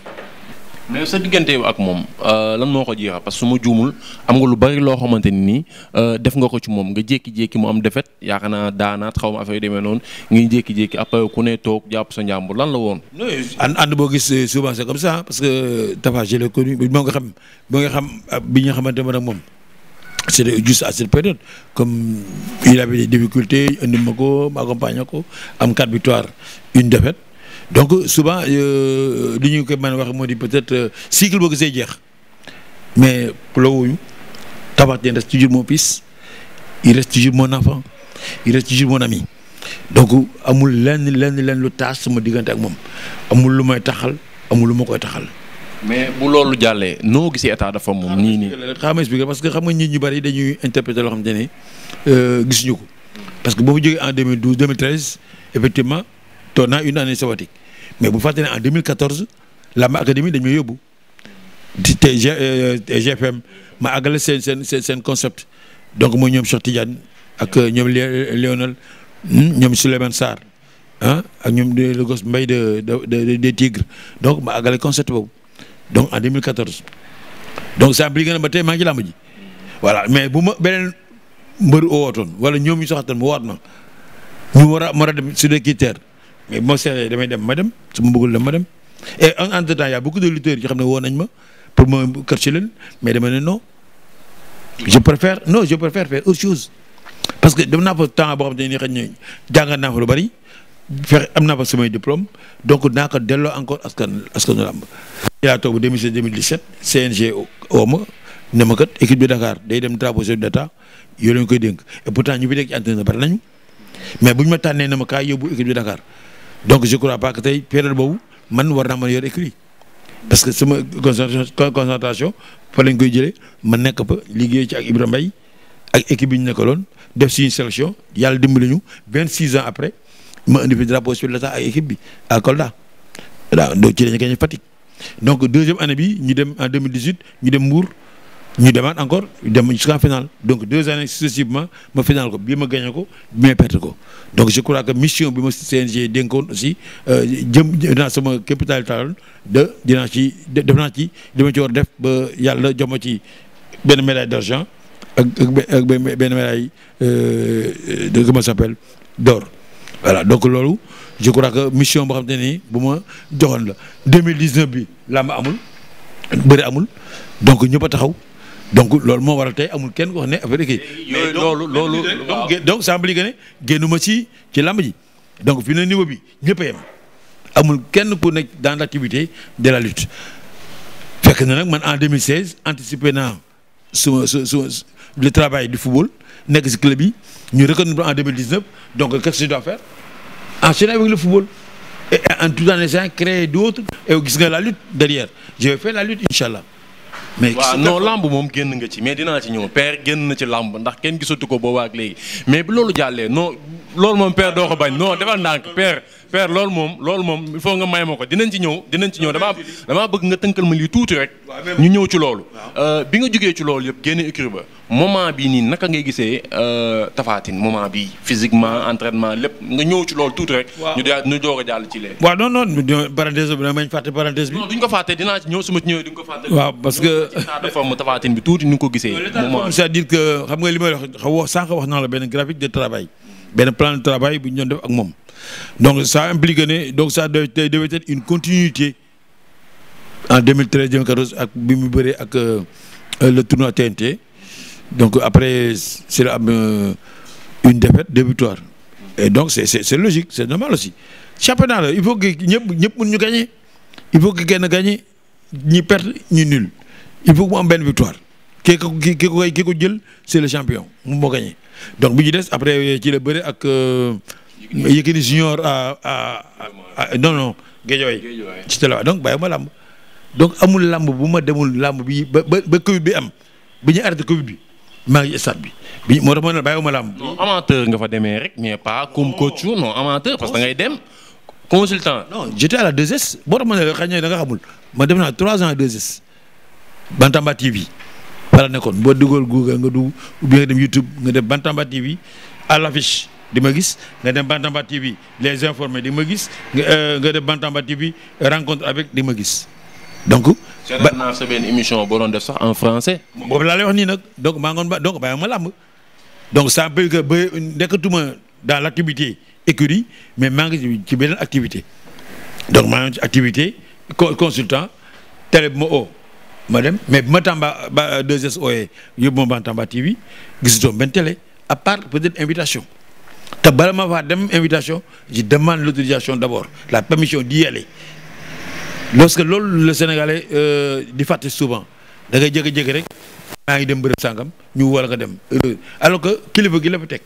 mais sa diggante ak moom euh, lan moo ko jeexal parce que ma juumul am nga lu bari loo xamante ni euh, def nga ko ci moom nga jékki-jékki mu am defet yaakaar naa daanaat xaw ma affaire yu demee noonu ngi jékki-jékki après ku ne toog jàpp sa njàmbur lan la woon. and ànd boo gis euh, souvent c'est comme ça parce que Tafa je l'ai connu moom nga xam moo nga xam bi nga xamante ne moom. c'était juste à cette période comme il avait des difficultés indi ma ko ma accompagné ko am quatre victoires une défaite donc souvent euh, li ñu koy mën a wax moo di peut-être euh, cycle boo gisee jeex mais lowuñu Tapha Tine reste toujours mon fils il reste toujours mon enfant il reste toujours mon ami donc amul lenn lenn lenn lu taas suma diggante ak moom amul lu may taxal amul lu ma koy taxal. mais bu loolu jàllee noo gisee état dafa moom. nii nii xam nga expliqué parce que xam nga nit ñu bari dañuy interpréter loo xamante ne euh, gisuñu ko. parce que boo ma jógee en 2012 2013 effectivement. toog naa une année sabbatique mais bu fàttali ne en 2014 Lamb Académie dañu may yóbbu di te GFM euh, ma àggale seen seen seen seen concept donc mooy ñoom Cheikh Tidiane ak euh, ñoom Léonel hmm, ñoom Souleymane Sarr ah ak ñoom de gosse mbay de de des Tigres donc ma àggale concept boobu donc en 2014 donc ça na ba tey maa ngi ci ji voilà mais bu ma beneen mbër woowoon wala ñoom ñu soxatal mu waat ma ñu war a war a dem sur des critères mais moo ma damay dem ma dem su ma bëggul dem ma dem et en entre temps y a de lutteurs yoo xam ne woo nañ ma pour ma kër mais dama ne non je préfère non je préfère faire autre chose parce que dem naa fa temps boo xam ne nii xëy na naa fa lu bari fexe am naa fa samay diplôme donc naa ko delloo encore askan askanu làmb yaa toog ba 2016 2017 CNG oo ma ne ma kat équipe bi Dakar day dem drapeau chef d'état yoo leen koy dénk et pourtant ñu fi nekk ci entraîneur bari mais bu ma tànnee ne ma kaay yóbbu équipe bi donc je crois pas que tey période boobu man war naa mën a yor écrit parce que sama concentration fa lañ koy jëlee ma nekk fa liggéey ci ak Ibrahima Mbaye ak équipe bi ñu nekkaloon def suñu sélection yàlla dimbali ñu 26 ans après ma indi fi drapeau sur l'état ak équipe bi à Kolda waaw donc ci la ñu gagné Fatick donc deuxième année bi ñu dem en 2018 ñu dem Mbour. ñu demaan encore dem jusqu'à finale donc deux années successivement ma final ko bii ma gagné ko bii ma perte ko donc je crois que mission bi ma CNG dénkoon aussi euh, jëm dinaa sama capital taal de dinaa ci def naa ci li ma ci war def ba yàlla jox ma ci benn médaille d'argent ak ak benn médaille euh, de comment s'appelle d'or voilà donc loolu je crois que mission boo xam te nii bu ma joxoon la 2019 bi làmb amul bëri amul donc ñëpp a taxaw donc loolu moo waral tey amul kenn ko wax ne affaire kii mais loolu loolu donc semble yi que ne génnuma ci ci làmb ji donc fi ne niveau bi ñëpp amul kenn ku nekk dans l' activité de la lutte fekk na nag man en 2016 anticipé naa suma su su le travail du football nekk si club yi ñu reconnaître en 2019 donc qu'est-ce que je dois faire enchaîner avec le football et en tout en essayant créer d' et gis nga la lutte derrière je vais la lutte incha allah mais waaw non lamb moom génn nga ci mais dinaa ci ñëw père génn na ci làmb ndax kenn gisatu ko boobaa ak léegi mais bu loolu jàllee noo lool moom père doo ko bañ non defal ndànk père per loolu moom loolu moom il faut nga may ma ko dinañ ci ñëw dinañ ci ñëw damaa damaa bëgg nga tënkal ma lii tuuti rek ñu ñëw ci loolu euh, bi nga jógee ci loolu yëpp génn écurie ba moment bii nii naka ngay gisee euh, Tapha Tine moment bii physiquement entraînement lépp nga ñëw ci loolu tuuti rek ñu daa ñu doog a jàll ci lee waaw non non parenthèse bi dama fàtte parenthèse bi duñ ko fàtte dinaa ci ñëw su ma ci ñëwee duñ ko fàtte waaw parce que état de forme Tapha ko gisee moment c'est-à-dire que xam nga li may wax xaw sànq wax naa la benn graphique de travail benn plan bu ñu doon def ak moom donc ça implique ne donc ça devait devait une continuité en 2013 2014 ak bi mu bëree ak euh, le tournoi TNT donc après c'est la am euh, une défaite de victoires et donc c'est c'est c'est logique c'est normal aussi championnat la il faut que ñëpp ñëpp mën ñu gagner il faut que kenn gagner ñi perdre ñu nul il faut que mu am benn victoire kii ko kii jël c'est le champion mu moo gagner donc bi ñu des après ci la bëre ak. Euh, Yékini junior à à à non non donc bàyyi ma donc amul làmb bu ma demul làmb bi ba ba ba bi am bi ñu arrêté Covid bi ma ngi bi bi moo tax ma ne bàyyi ma làmb. non amateur nga fa demee rek mais pas comme coach non amateur parce que ngay dem consultant. non j'étais la 2S boo tax ma ne xamul ma dem naa 3 ans à 2S Bantamba TV wala nekkoon boo dugal Google nga dugg ou bien nga dem YouTube nga def Bantamba TV à l'affiche di ma gis nga dem Bantamba TV les informés di ma gis nga euh, dem Bantamba TV rencontre avec di ma gis donc. ba naa benn émission boo doon def sax en français. boobu laa lay nag donc maa ngoon ba donc bàyyi ça peut que ba dans l' activité écurie mais maa ngi ci beneen activité donc maa ngi ci activité consultant télé bu ma oo ma mais bu ma Tamba ba 2S ooyee yóbbu ma Bantamba TV gisatoo benn télé à part peut-être invitation. te bala ma faa dem invitation je demande l'autorisation d'abord la permission d'y aller lorsque loolu le Sénégalais euh, di fàtte souvent da ngay jékki-jékki rek maa ngi dem bërëb sàngam ñu war nga dem alors que kilifa gi la fa teg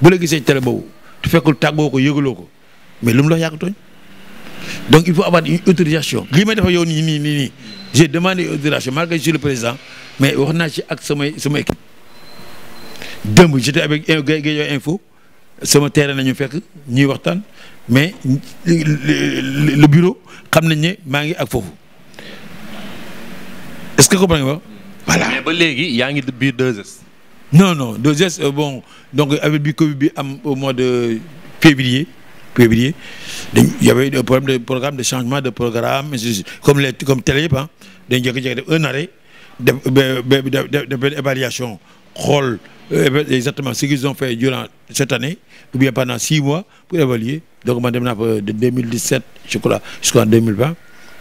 bu la gisee télé boobu tu fekkul tàggoo ko yëgaloo ko mais lu mu la yàq tooñ donc il faut avoir une autorisation lii may dafa yow nii nii nii nii j'ai demandé autorisation malgré je le président mais wax naa ci ak samay sama équipe démb j'étais avec Guédiawaye Info sama terrain la ñu fekk ñuy waxtaan mais le bureau xam nañ ne maa ngi ak foofu est-ce que comprendre nga voilà mais ba léegi yaa ngi biir 2S. non non 2S euh, bon donc avec bi Covid bi am au mois de février février dañ y avait problème de programme de changement de programme comme les comme télé yëpp ah dañ jékki-jékki un arrêt. def def benn évaluation xool euh, exactement ce qu'ils ont fait durant ou bien pendant six mois naa fa de 2017 je crois jusqu'en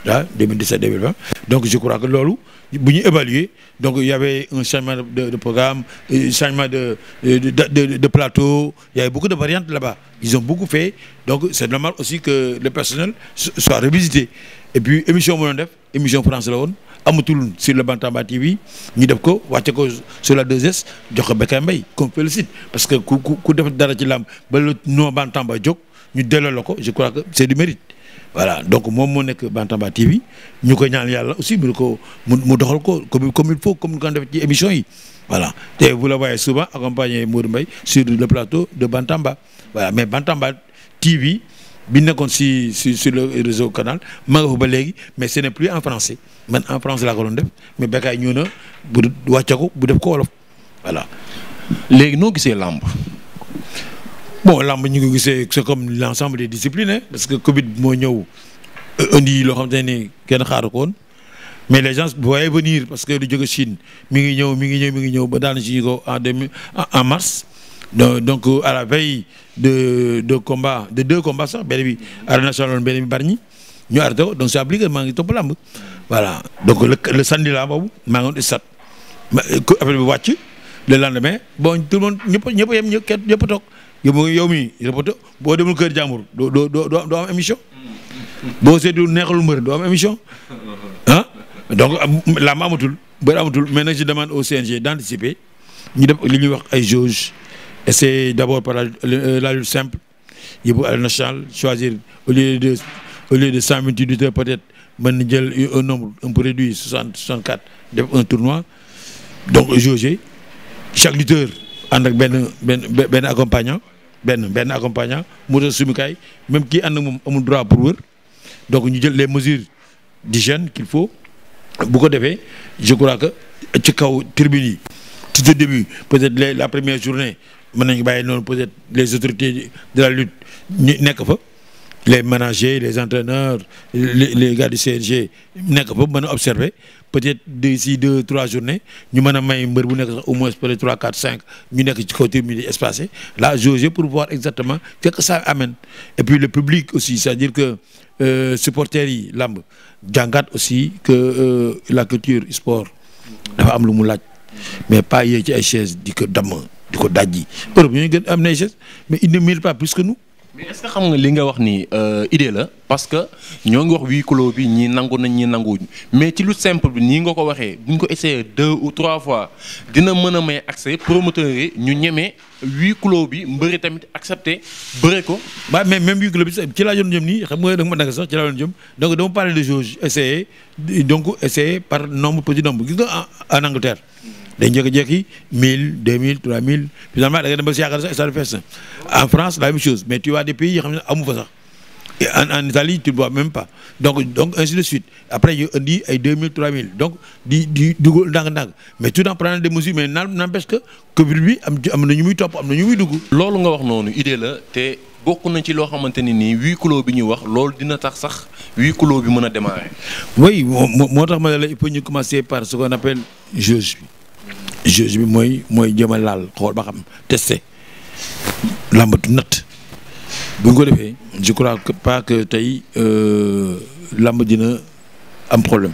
ah, je crois que loolu bu ñu évaluer donc il y avait un changement de de programme euh, changement euh, de de de de plateau il y avait beaucoup de variantes là-bas ils que le personnel soit revisité et puis émission bu la woon. amatul sur le Bantamba TV ñu def ko wàcce ko sur la 2S jox ko Bécaye Mbaye qu'on félicite parce que ku ku def dara ci lam ba le noo Bantamba jóg ñu delloo la ko je crois que c'est du mérite. voilà donc moom moo nekk Bantamba TV ñu ko ñaan yàlla aussi mu ko mu doxal ko comme comme il faut comme ni ko ci émission yi voilà te vous la voyez souvent accompagné Modou mbay sur le plateau de Bantamba voilà mais Bantamba TV. bi nekkoon si si sur le réseau canal ma nga ba léegi mais ce n'est plus en français man en français laa ko doon def mais Bécaye ñëw na bu wàcce ko bu def ko wolof voilà. léegi noo gisee làmb. bon lamb ñu ngi gisee c'est comme l'ensemble des disciplines parce que Covid moo ñëw indi loo xam te ne kenn xaaru ko woon mais les gens voyaient venir parce que lu jóge Chine mi ngi ñëw mi ngi ñëw mi ngi ñëw ba daana si ñu ko en deux en mars. donc euh, à la veille de de combat de deux combats sax benn bi arène nationale benn bi Bargny ñu arrêté ko donc c'est obligé maa ngi topp làmb voilà donc le le samedi là boobu maa ngi woon stade ma euh, affaire bi wàcc le lendemain bon tout le monde ñëpp ñëpp yem ñëpp kenn ñëpp toog yow mii reporter boo demul kër jàmbur doo doo doo am émission boo seetlu neexalu mbër doo am émission ah donc làmb amatul mbër amatul mais nag je demande au CNG d'anticiper ñu def li ñuy wax ay jauge essayer d'abord par la, euh, la lutte simple yóbbu à la nationale choisir au lieu de au lieu de cent peut-être mën na jël un nombre un peu réduit soixante soixante-quatre def un tournoi donc jauger chaque lutteur ànd ak benn benn benn accompagnant benn benn accompagnant mu doon sumikaay même kii ànd moom amul droit pour wër donc ñu jël les mesures d'hygiène qu'il faut bu ko defee je crois que ci kaw tribune yi tout au début peut-être la première journée mën nañu bàyyi noonu peut-être les autorités de la lutte ñu nekk fa les managers les entraîneurs les les gars du CNG nekk fa mën a observer peut-être d'ici deux trois journées ñu mën a may mbër bu nekk sax au moins peut-être trois quatre cinq ñu nekk ci côté mi di espacé là jauger pour voir exactement ce que ça amène et puis le public aussi c'est-à-dire que euh, supporters yi làmb jàngat aussi que euh, la culture sport dafa am lu mu laaj mais pas yee ci ay chaise di ko di ko daj ji Europe ñooñu gën am nañ mais il ne mérite pas plus que nous. mais est-ce xam nga li nga wax ni euh, idée la parce que ñoo ngi wax huis clos bi ñii nangu nañ ñii nanguwuñ mais ci lu simple bi nii nga ko waxee buñ ko essayé deux ou trois fois dina mën a may accès promoteurs yi ñu ñemee huis clos bi mbëri tamit accepté bëri ko. waaw mais même huis bi ci laa doon jëm nii xam nga da ma naka sax ci laa doon jëm donc dama parler de jauge essayé par nombre petit nombre gis nga en day jékki-jékki 1000 mille 3000 mille da nga dem ba si yaakaar sax stade fees na en France la même amu fa sax en Italie tu ne vois même pas donc donc ainsi de suite après yu indi ay 2000 3000 donc di di dugg ndànk-ndànk mais tout en prenant des mesures mais naan n'empêche que Covid bi am am na ñu muy topp am na ñu muy dugg. loolu nga wax noonu idée la te. bokk na ci loo xamante ni nii huis clos bi ñuy wax loolu dina tax sax huis clos bi mën a démarrer. oui moo moo tax ma ne la il faut ñu commencer par ce qu'on appelle juge bi mooy mooy jëm a laal xool ba xam testé làmbatu natt bu ko defee je crois que pas que tey lamba dina am problème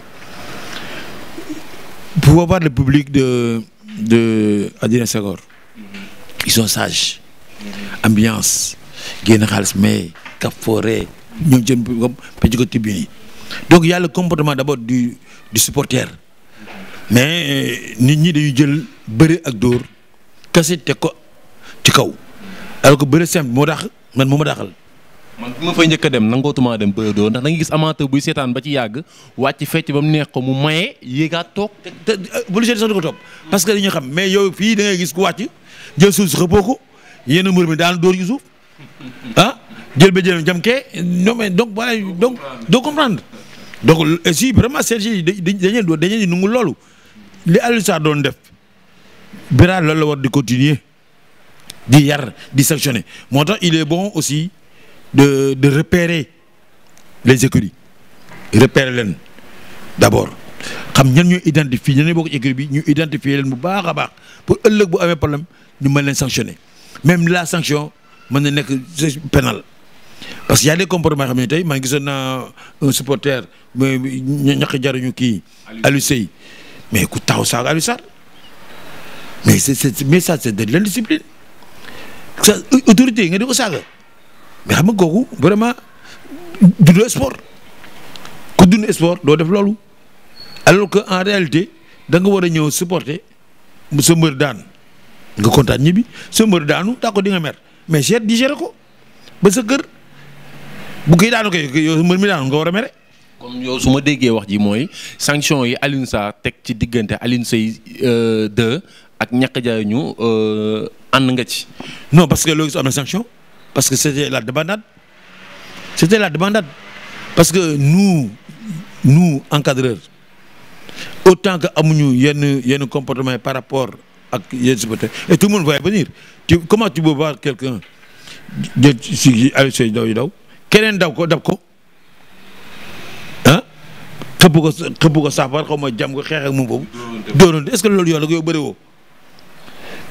pour avoir le public de de Adrien Senghor ils sont sages ambiance génn xaalis mais kaf foore ñoo jëm comme pecc ko tribune yi donc y le comportement d'abord du du supporter mais euh, nit ñi dañu jël bëri ak dóor kese teg ko ci kaw alors ko bëri simple moo tax man moom ma daaxal. man bi ma fay njëkk a dem nangootuma dem bëri dóor ndax da nga gis amateur buy seetaan ba ci yàgg wàcc fecc ba mu neex ko mu maye yéegaat toog. te bu lu seet sax parce que dañuy xam mais yow fii dangay gis ku wàcc jël suuf si xëppoo ko yenn mbër mi daal dóor ci suuf ah jël ba jël jam kee non mais donc voilà donc doo comprendre donc si vraiment Serge dañuy dañuy dañuy nangu loolu. li Aliou Sarr doon def Bira loolu la war di continuer di yar di sanctionner moo tax il est bon aussi de de repérer les écuries repérer leen d'abord xam ñan ñu identifier ñan ñoo bokk écurie bi ñu identifie leen bu baax a baax pour ëllëg bu amee problème ñu mën leen sanctionner même la sanction mën na nekk pénal parce que y a des xam ne tey ma ngi gisoon naa un supporter mais ñaq jaruñu kii Aliou Seye mais ku taxaw saaga Aliou Sarr mais c'est c'est mais ça c'est de l'indiscipline sa autorité yi nga di ko saaga mais xam nga kooku vraiment du sport ku dund sport doo def loolu alors que en réalité da nga war a ñëw supporter sa mbër daan nga kontaan ñibbi sa mbër daanu daa ko di nga mer mais cher digéré ko ba sa kër bu koy daanu koy yow mbër mi daanu nga war a mere. kon yow su ma déggee wax ji mooy sanction yi Alioune Sarr teg ci diggante Alioune Seye 2 euh, ak ñàkk jaay ñu euh, ànd nga ci. non parce que loolu gis am na sanction parce que c'était la débandade c'était la débandade parce que nu nous encadreurs autant que amuñu yenn yenn comportement yi par rapport ak yenn supporters et tout le monde venir comment tu peux voir quelqu'un keneen daw ko dab ko. xëpp ko xëpp ko saafara xaw ma jam ko xeex ak moom foofu. doonoon est-ce que loolu yoon la ko yow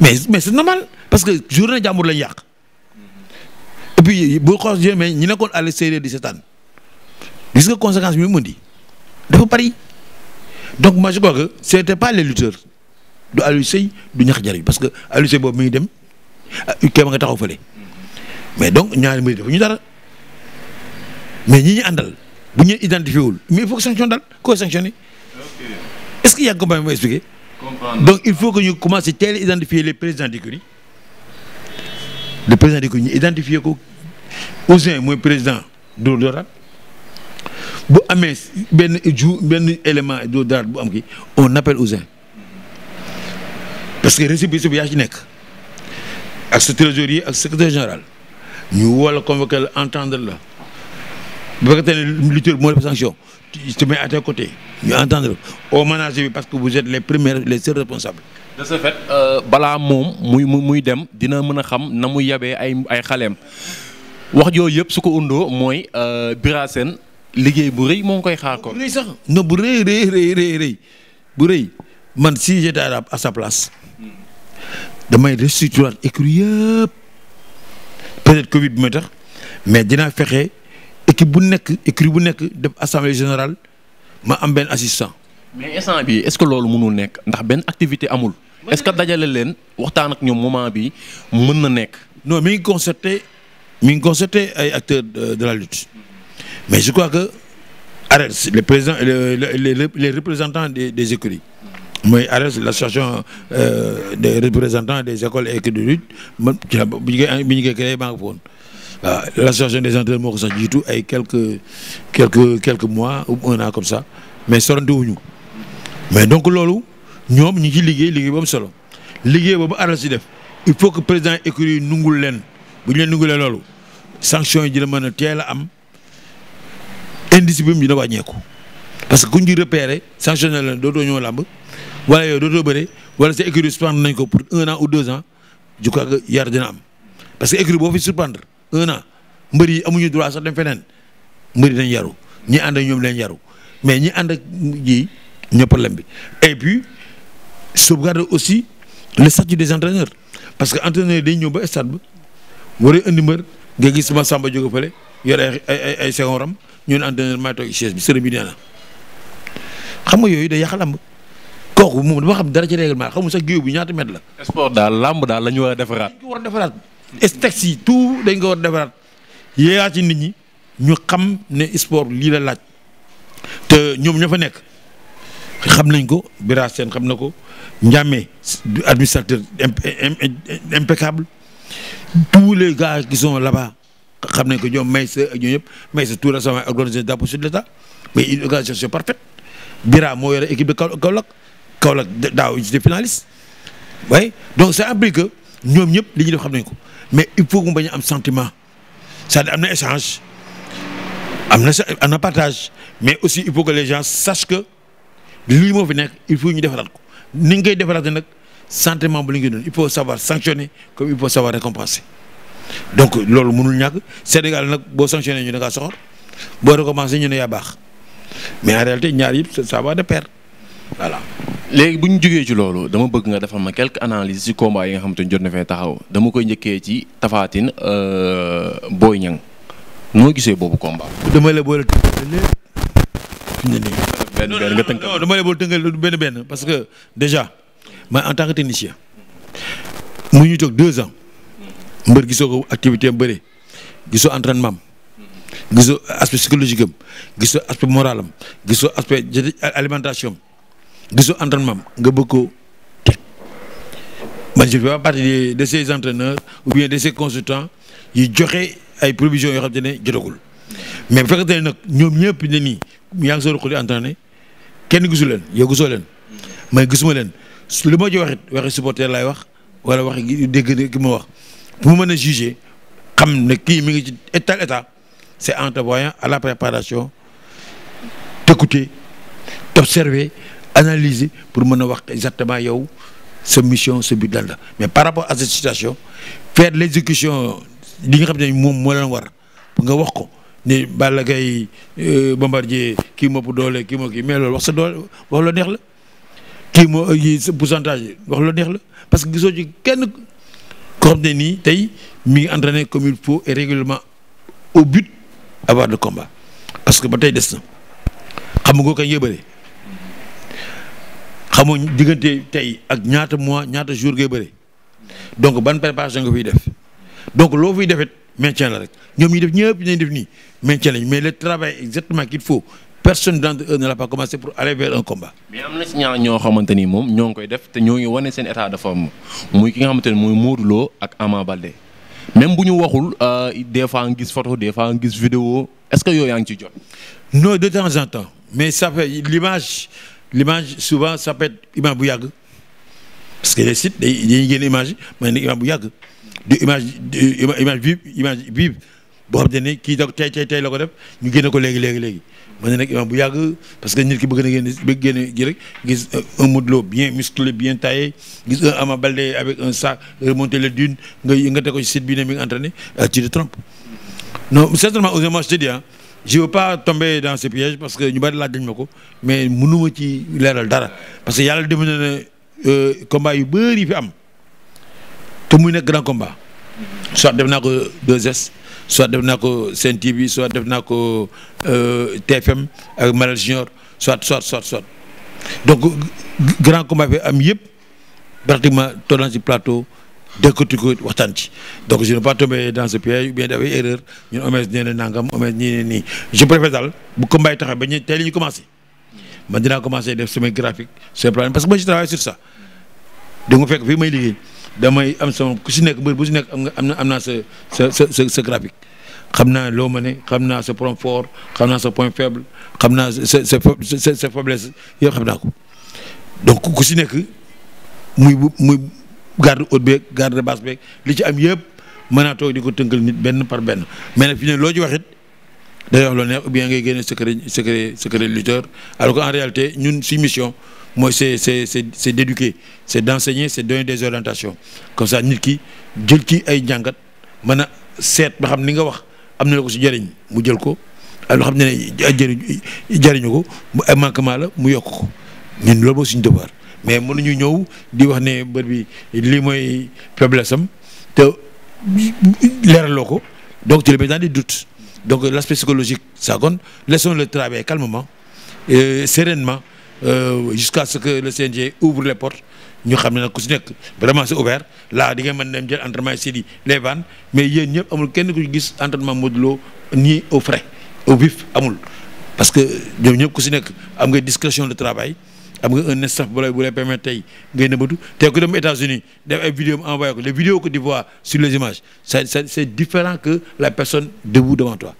mais mais c'est normal parce que journée jàmbur lañ yàq. Mm-hmm. et puis bu xoos jëmee ñi nekkoon àll séeréer di seetaan gis nga conséquence bi mu indi dafa bari donc moi je crois que c'était pas les lutteurs du Aliou Seye du ñax jariñ parce que Aliou Seye boobu mi dem ah, kéema nga taxaw fële mm-hmm. mais donc ñaari mbir dafa ñu mais ñi ñu àndal. bu ñu identifié wul mais il faut que sanction daal koo sanctionné est ce que yaa ngi comprendre ma expliqué. donc il faut que ñu commencé teel identifier les présidents d'écurie le président d'écurie ñu identifier ko Ousin mooy président Dóor Dóoraat bu amee benn ju benn élément Dóor Dóoraat bu am ki on appelle Ousin parce que récépissé bi yaa ci nekk ak sa trésorier ak secrétaire général ñu woo la convoqué la entendre la. bu te ne lutteur moo def sanction te muy à tes côtés ñu entendre au bi parce que vous êtes les premiers les seuls responsables. Euh, balaa moom muy muy dem dina mën a xam na mu yabee ay ay xaleem wax jooju yëpp su ko undoo mooy euh, Bira Sène liggéey bu rëy moo ngi koy xaar ko. bu rëy sax non bu rëy bu rëy man si j'étais à sa place damay restructurer écurie yëpp peut-être Covid bi ma tax mais dinaa fexe. équipe bu nekk écrit bu nekk def assemblée général ma am benn assistant. mais instant bi est-ce que loolu mënul nekk ndax benn activité amul. est-ce que dajale leen waxtaan ak ñoom moment bi mën na nekk. no mi ngi concerté mi ngi concerté ay acteurs de la lutte mais je crois que ARES le présidents les les les représentants des des écuries mooy ARES l'association euh, des écoles et écuries de lutte man ci la bi ñu koy bi ñu waaw l'association des entraîneurs moo ko sax jiitu ay quelques quelques quelques mois ou un an comme ça mais sorante wuñu mais donc loolu ñoom ñi ci liggéey liggéey ba mu solo liggéey boobu aral si def il faut que président écurie yi nungul leen bu ñu leen nungulee loolu sanction yi dina mën a teel a am indiscipline bi dina wàññeeku parce que ku ñu repéré sanctionné leen dootoo ñëw làmb wala yooyu dootoo bëre wala sa écurie suspendre nañ ko pour un an ou deux ans je crois yar dina am parce que écurie boo fi un an yi amuñu droit sax dem feneen mbër yi yaru ñi ànd ak ñoom dañ yaru mais ñi ànd ak ji ñoo problème bi et puis sauvegarder aussi le statut des entraîneurs parce que entraîneurs yi dañ ñëw ba stade ba war a indi mbër nga gis ma Samba jóge fële yore ay ay ay seconram ñu ne entraîneur maa toog chaise bi nga yooyu day yàq lamb kooku moom dama xam dara ci règlement xamu sax géew bi ñaata mètre la. sport daal lamb daal la ñu war a defaraat. defaraat texte yi tout dañ ko war defaraat yéeyaa ci nit ñi ñu xam ne sport lii la laaj te ñoom ña fa nekk xam nañ ko Bira Sène xam na ko Ndiamé administrateur impeccable tous les gars qui sont là-bas xam nañ ko ñoom may sa ak ñoom ñëpp may sa tout récemment ak organisé d'appui sur l'État mais une organisation parfaite Bira moo yore équipe de Kaolack Kaolack daaw ñu ci finaliste oui donc ça implique que ñoom ñëpp li ñuy def xam nañ ko mais il faut mu bañ am sentiment cest am na échange am na am na partage mais aussi il faut que les gens sachent que lii moo fi nekk il faut ñu defaraat ko ni nga koy defaraat nag sentiment bu li ngi doon il faut savoir sanctionner comme il faut savoir récompenser donc loolu mënul ñàkk Sénégal nag boo sanctionné ñu ne ngaa soxor boo récompensé ñu ne yaa baax mais en réalité ñaar yëpp ça de pair voilà léegi bu ñu jógee ci loolu dama bëgg nga defal ma quelques analyses ci combat yi nga xam te jot na fee taxaw dama koy njëkkee ci Tapha Tine euh, Boy Niang noo gisee boobu combat. dama la boole tënkal benn benn nga tënkal non dama la boole tënkal benn parce que déjà man en tant que technicien. mu ñu toog deux ans. mbër gisoo ko activité am bëri gisoo entraînement am gisoo aspect psychologique am gisoo aspect moral gisoo aspect alimentation am gisu entraînement nga bëgg ko teg man je fais pas partie de ces entraîneurs ou bien de ces consultants yu joxe ay provisions yoo xam te ne jotagul mais bu fekkente ne nag ñoom ñëpp ne nii yaa ngi soo ko di entraîné kenn gisu leen yow gisoo leen mais gisuma leen li ma ci waxit waxi supporter laay wax wala wax dégg ki ma wax bu mu mën a juger xam ne kii mi ngi ci état état c'est en te voyant à la préparation t'écouter t'observer analyse pour mën a wax exactement yow sa mission sa but lan la mais par rapport à cette situation faire l' exécution li nga xam ne moom moo leen war pour nga wax ko ne Balla Gaye euh, Bombardier kii moo ëpp doole kii moo kii mais loolu wax sa doole wax la neex la kii moo euh, yi sa pourcentage wax la neex la parce que gisoo ci kenn ko nii tey mi ngi entraîné comme il faut et régulièrement au but avoir de combat parce que ba tey des na xam nga ko kañ xamuñ diggante tey ak ñaata mois ñaata jour ngay bëre donc ban préparation nga fiy def donc loo fiy defet maintien la rek ñoom ñi def ñëpp nañ def nii maintien lañ mais le travail exactement qu'il faut personne d'entre eux ne l'a pas commencé pour aller vers un combat. mais am ñoo xamante ni moom ñoo ngi koy def te ñoo ngi wane seen état de forme muy ki nga xamante ni muy Modou Lo ak Ama Baldé même bu ñu waxul euh, des fois nga gis foto des fois nga gis vidéo est-ce que yooyu yaa ngi ci jot. non de temps mais ça l'image l'image souvent ça peut être image bu yàgg parce que les sites day dañuy génn image ma ne image bu yàgg du image image vive image vive boo xam te ne kii da tey tey tey la ko def ñu génne ko léegi léegi léegi ma ne nag image bu yàgg parce que nit ki bëgg na génn bëgg génn gi rek gis un Modou bien musclé bien taillé gis un Ama Baldé avec un sac remonter les dunes nga nga ko ci site bi ne mi ngi entraîné tu te trompes non certainement aussi moi je te dis ji veux pas tomber dans ce piège parce que ñu bari laaj nañ ma ko mais mënuma ci leeral dara parce que yàlla dem na ne euh, combat yu bëri fi am te muy nekk grand combat soit def naa ko 2S soit def naa ko Sen TV soit def na ko euh, TFM ak Malal Junior soit soit soit soit donc grand combat fi am yëpp pratiquement toog naa ci plateau dékkati ko waxtaan ci donc je ne pas tomber dans ce piège ou bien dafay erreur ñun Omès nee na nangam Omès ñii ne je préfère bu ko mbay taxaw ba ñu tey la ñu commencé man dinaa commencé def samay graphique samay plan parce que moi je travaille sur ça da nga fekk fii may liggéey damay am sama ku si nekk mbir bu si nekk am nga am na am naa sa sa sa sa graphique xam naa loo ma ne xam naa sa point fort xam naa sa point faible xam na sa sa sa sa faiblesse naa ko donc ku si nekk garde haute beeg garde basse beeg li ci am yëpp mën naa toog di ko tënkal nit benn par benn mais nag fi ne loo ci waxit day wax loo neex ou bien ngay génne secret secret secret lutteur alors que en réalité ñun suñu mission mooy c'est c'est c'est c'est d'éduquer c'est d'enseigner c'est donner des orientations comme ça nit ki jël ci ay njàngat mën a seet ba xam li nga wax am na la ko si jëriñ mu jël ko ak loo xam ne jëriñu jëriñu ko mu ay manquement la mu yokk ko ñun loolu moo suñu devoir mais mënuñu ñëw di wax ne mbër bi lii mooy faiblesse am te leeraloo ko donc tu le mets dans des doutes donc l'aspect psychologique sa compte laissons le travail calmement et sereinement euh, jusqu'à ce que le CNG ouvre les portes ñu xam ne nag ku si nekk vraiment c'est ouvert là di nga mën dem jël entraînement yi si les vannes mais yéen ñëpp amul kenn ku gis entraînement Modou Lo nii au frais au vif amul parce que ñoom ñëpp ku si nekk am nga discrétion de travail am nga un staff bu lay bu lay permettre tey ngay nëbbatu tey ku dem États-Unis def ay vidéo mu envoyé ko les vidéos que tu vois sur les images c'est c'est différent que la personne debout devant toi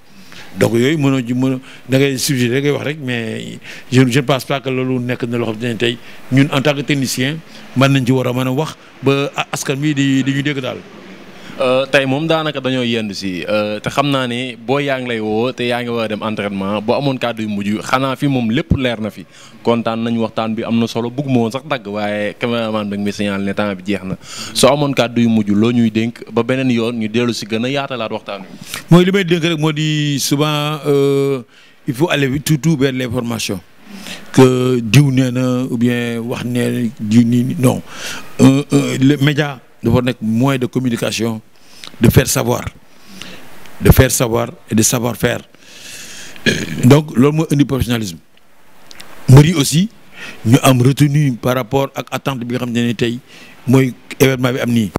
donc yooyu mënoo ji mënoo da ngay ngay wax rek mais je je ne pense pas que loolu nekk na loo xam ne tey ñun en tant que technicien mën nañ ci war a man a wax ba askan bi di di ñu dégg daal. Euh, tey moom daanaka dañoo yendu si euh, te xam naa ni boo yaa ngi lay woo te yaa ngi war a dem entraînement boo amoon kàddu yu mujj xanaa fi moom lépp leer na fi kontaan nañu waxtaan bi am na solo bëgg ma woon sax dagg waaye caméraman bi mi signal ne temps bi jeex na soo amoon kàddu yu mujj loo ñuy dénk ba beneen yoon ñu dellu si gën a yaatalaat waxtaan wi. mooy li may moo di souvent euh, il faut aller tout tout vers l'information que diw nee na ou wax nee na diw nii non le média dafa nekk moyen de communication. de fair savoir de fair savoir et de savoir faire donc loolu mooy indi professionnalisme mbër aussi ñu am retenu par rapport ak attente bi nga xam ne ni tey mooy événement bi am nii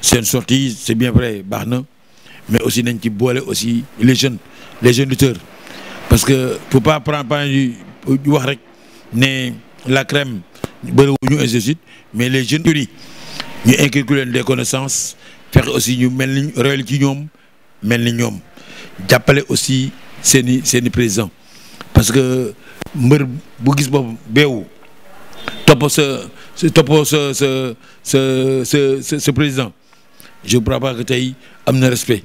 seen sorti c'est bien vrai baax na mais aussi nañ ci boole aussi les jeunes les jeunes lutteurs parce que faut pas prendre ju wax rek ne la crème bëriwuñu ainsi de mais les jeunes yi ñu inculquer leen des connaissances fexe aussi ñu mel ni réel ñoom mel ni ñoom jàppale aussi seen i seen président parce que mbër bu gis boobu beewu topp sa toppoo sa sa sa sa sa président je crois que tey am na respect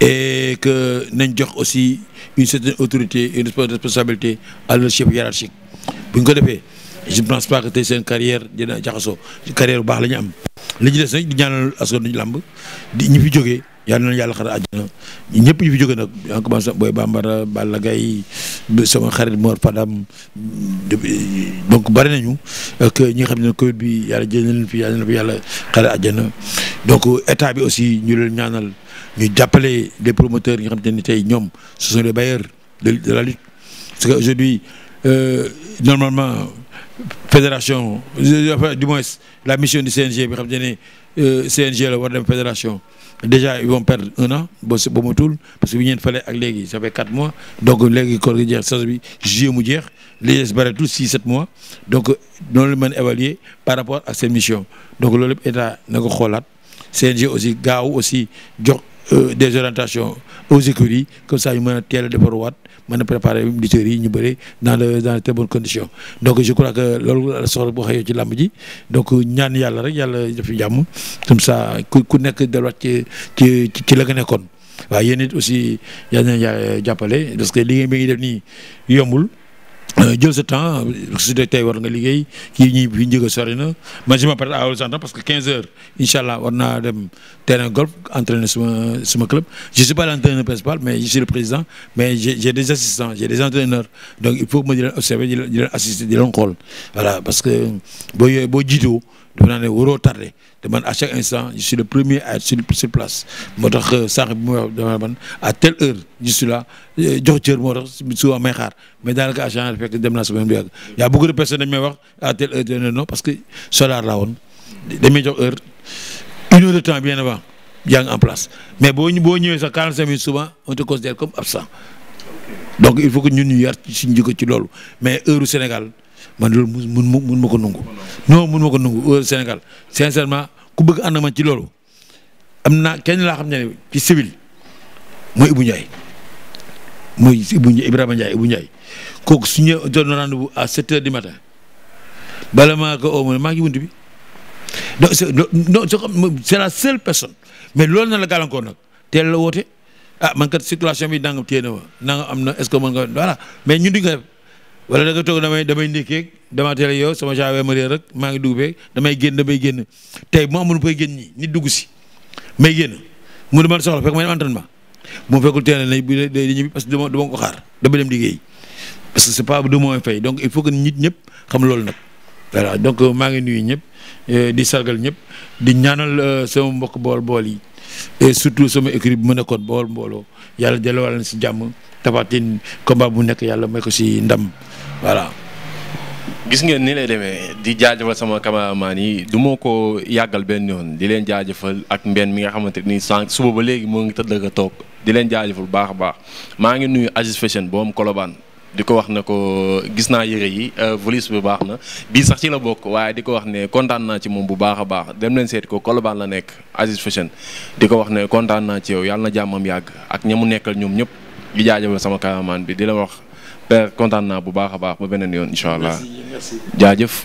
et que nañ jox aussi une certaine autorité une responsabilité à leur chef hiérarchique bu ñu ko je ne pense pas que tey seen carrière dina jaxasoo carrière bu baax la ñu am li ci des di ñaanal askan duñu làmb di ñu fi jógee yal na yàlla xar àjjana ñëpp ñu fi jógee nag en commençant booy bambara Balla Gaye sama xarit Mor Fadam donc bari nañu ak ñi nga xam ne Covid bi yàlla jël na leen na fi yàlla xar àjjana donc état bi aussi ñu leen ñaanal ñu jàppale les promoteur yi nga xam te tey ñoom ce sont les bailleurs de la lutte parce aujourd'hui euh, normalement. fédération du moins la mission du CNG bi xam te ne euh, CNG la war dem fédération déjà ils vont perdre un an ba ba parce que bi ñeen fale ak léegi ça fait quatre mois donc léegi koor gi jeex saison bi juillet mu jeex li des bareetul six sept mois donc noonu la mën évaluer par rapport ak seen mission donc loolu yëpp état na xoolaat CNG aussi gaaw aussi Euh, des orientations aux écuries comme ça yu mën a teel a defaruwaat ma na préparer lutteurs yi ñu bëri dans de dans de très bonnes conditions donc je crois que loolu la soxla boo xëyoo ci làmb ji donc ñaan yàlla rek yàlla def jàmm comme ça ku ku nekk delluwaat ci ci ci la nga nekkoon waaw yéen aussi yal na jàppale parce que liggéey bi ngi def nii yombul. Euh, jël sa temps su dee nga liggéey kii ñi fi njëg a sori na man je m'apprête parce que 15 heures incha allah war naa dem terrain golf entraîner suma suma club je suis pas l'entraîneur principal mais je suis le président mais j'ai des assistants j'ai des entraîneurs donc il faut que ma di leen observer di assister di leen xool voilà parce que boo yooyu boo jiitoo dama naa ne waroo tardé te man à chaque instant je suis le premier à sur place moo tax euh, sànq bi ma dama man à telle heure je suis là euh, jox cër moo tax souvent may xaar mais daanaka à change fekk dem naa semaine bi yàgg y'a beaucoup de personnes dañ may wax à telle heure dina non parce que solaar la woon dañ may jox heure une heure de temps bien avant yaa ngi en place mais boo boo ñëwee sax 45 minutes souvent on te considère comme absent donc ñun ñu yar suñu jikko ci loolu mais heure Sénégal man loolu mun mun mun ma ko nangu. non mun ma ko nangu euh, Sénégal sincèrement ku bëgg ànd ma ci loolu am naa kenn laa xam ne ci civil mooy Ibou Ndiaye mooy Ibou Ndiaye Ibrahima Ndiaye Ibou Ndiaye kooku su ñu doon rendez-vous à 7 heures du matin bala maa ko oo ma maa ngi wunt bi donc c' est la seule personne mais loolu na la gàllankoor nag teel la woote ah man kat circulation bi nangam téye na ma nangam am na est ce que mën nga voilà mais ñun duñ ko def. wala da nga toog damay damay ndékkeeg damaa teel yow sama jaawee rek maa ngi dugg beeg damay génn damay génn tey bu ma amul koy génn ñi nit dugg si may génn mu ne man soxla fekk may dem entraînement bu ma fekkul teel nañ bu dee ñibbi parce que dama dama xaar dama dem liggéey parce que c'est pas du mooy fay donc nit ñëpp xam loolu nag voilà donc maa ngi nuy ñëpp eh, di sargal ñëpp di ñaanal eh, sama mbokk bool bool yi surtout sama équipe bi ma nekkoon bool mbooloo yàlla delluwaal na si jàmm tabatin combat bu nekk yàlla may ko si ndam voilà. gis ngeen ni lay demee di jaajëfal sama cameraman yi du ma ko yàggal benn yoon di leen jaajëfal ak mbenn mi nga xamante ni sànq suba ba léegi moo ngi tëdd ko toog di leen jaajëfal baax a baax maa ngi nuyu Aziz Fashion boom kolobaan di ko wax na ko gis naa yére yi euh, valise bu baax na bii sax ci la bokk waaye di ko wax ne kontaan naa ci moom bu baax a baax dem leen seeti ko Colobane la nekk Aziz Fashion di ko wax ne kontaan naa ci yow yàlla na jàmmam yàgg ak ña mu nekkal ñoom ñëpp di jaajëfal sama cameraman bi di la wax père kontaan naa bu baax a baax ba beneen yoon incha allah jaajëf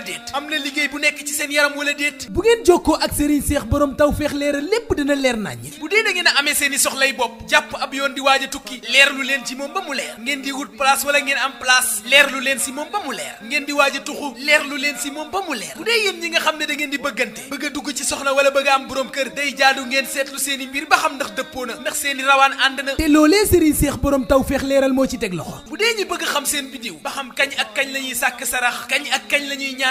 wala déet am na liggéey bu nekk ci seen yaram wala déet bu ngeen jokkoo ak Serigne Seex borom taw feex leeral lépp dina leer naññ bu dee da ngeen a amee seen i soxlay bopp jàpp ab yoon di waaj tukki leer lu leen ci moom ba mu leer ngeen di wut place wala ngeen am place leer lu leen si moom ba mu leer ngeen di waaj a tuxu leer lu leen si moom ba mu leer bu dee yéen ñi nga xam ne da ngeen di bëggante bëgg a dugg ci soxna wala bëgg a am borom kër day jaadu ngeen seetlu seen i ba xam ndax dëppoo na seen i rawaan ànd na te loolee taw feex leeral moo ci teg loxo bu dee ñi bëgg xam seen bidiw ba xam kañ ak kañ la ñuy sàkk sarax kañ ak kañ la ñuy ñaan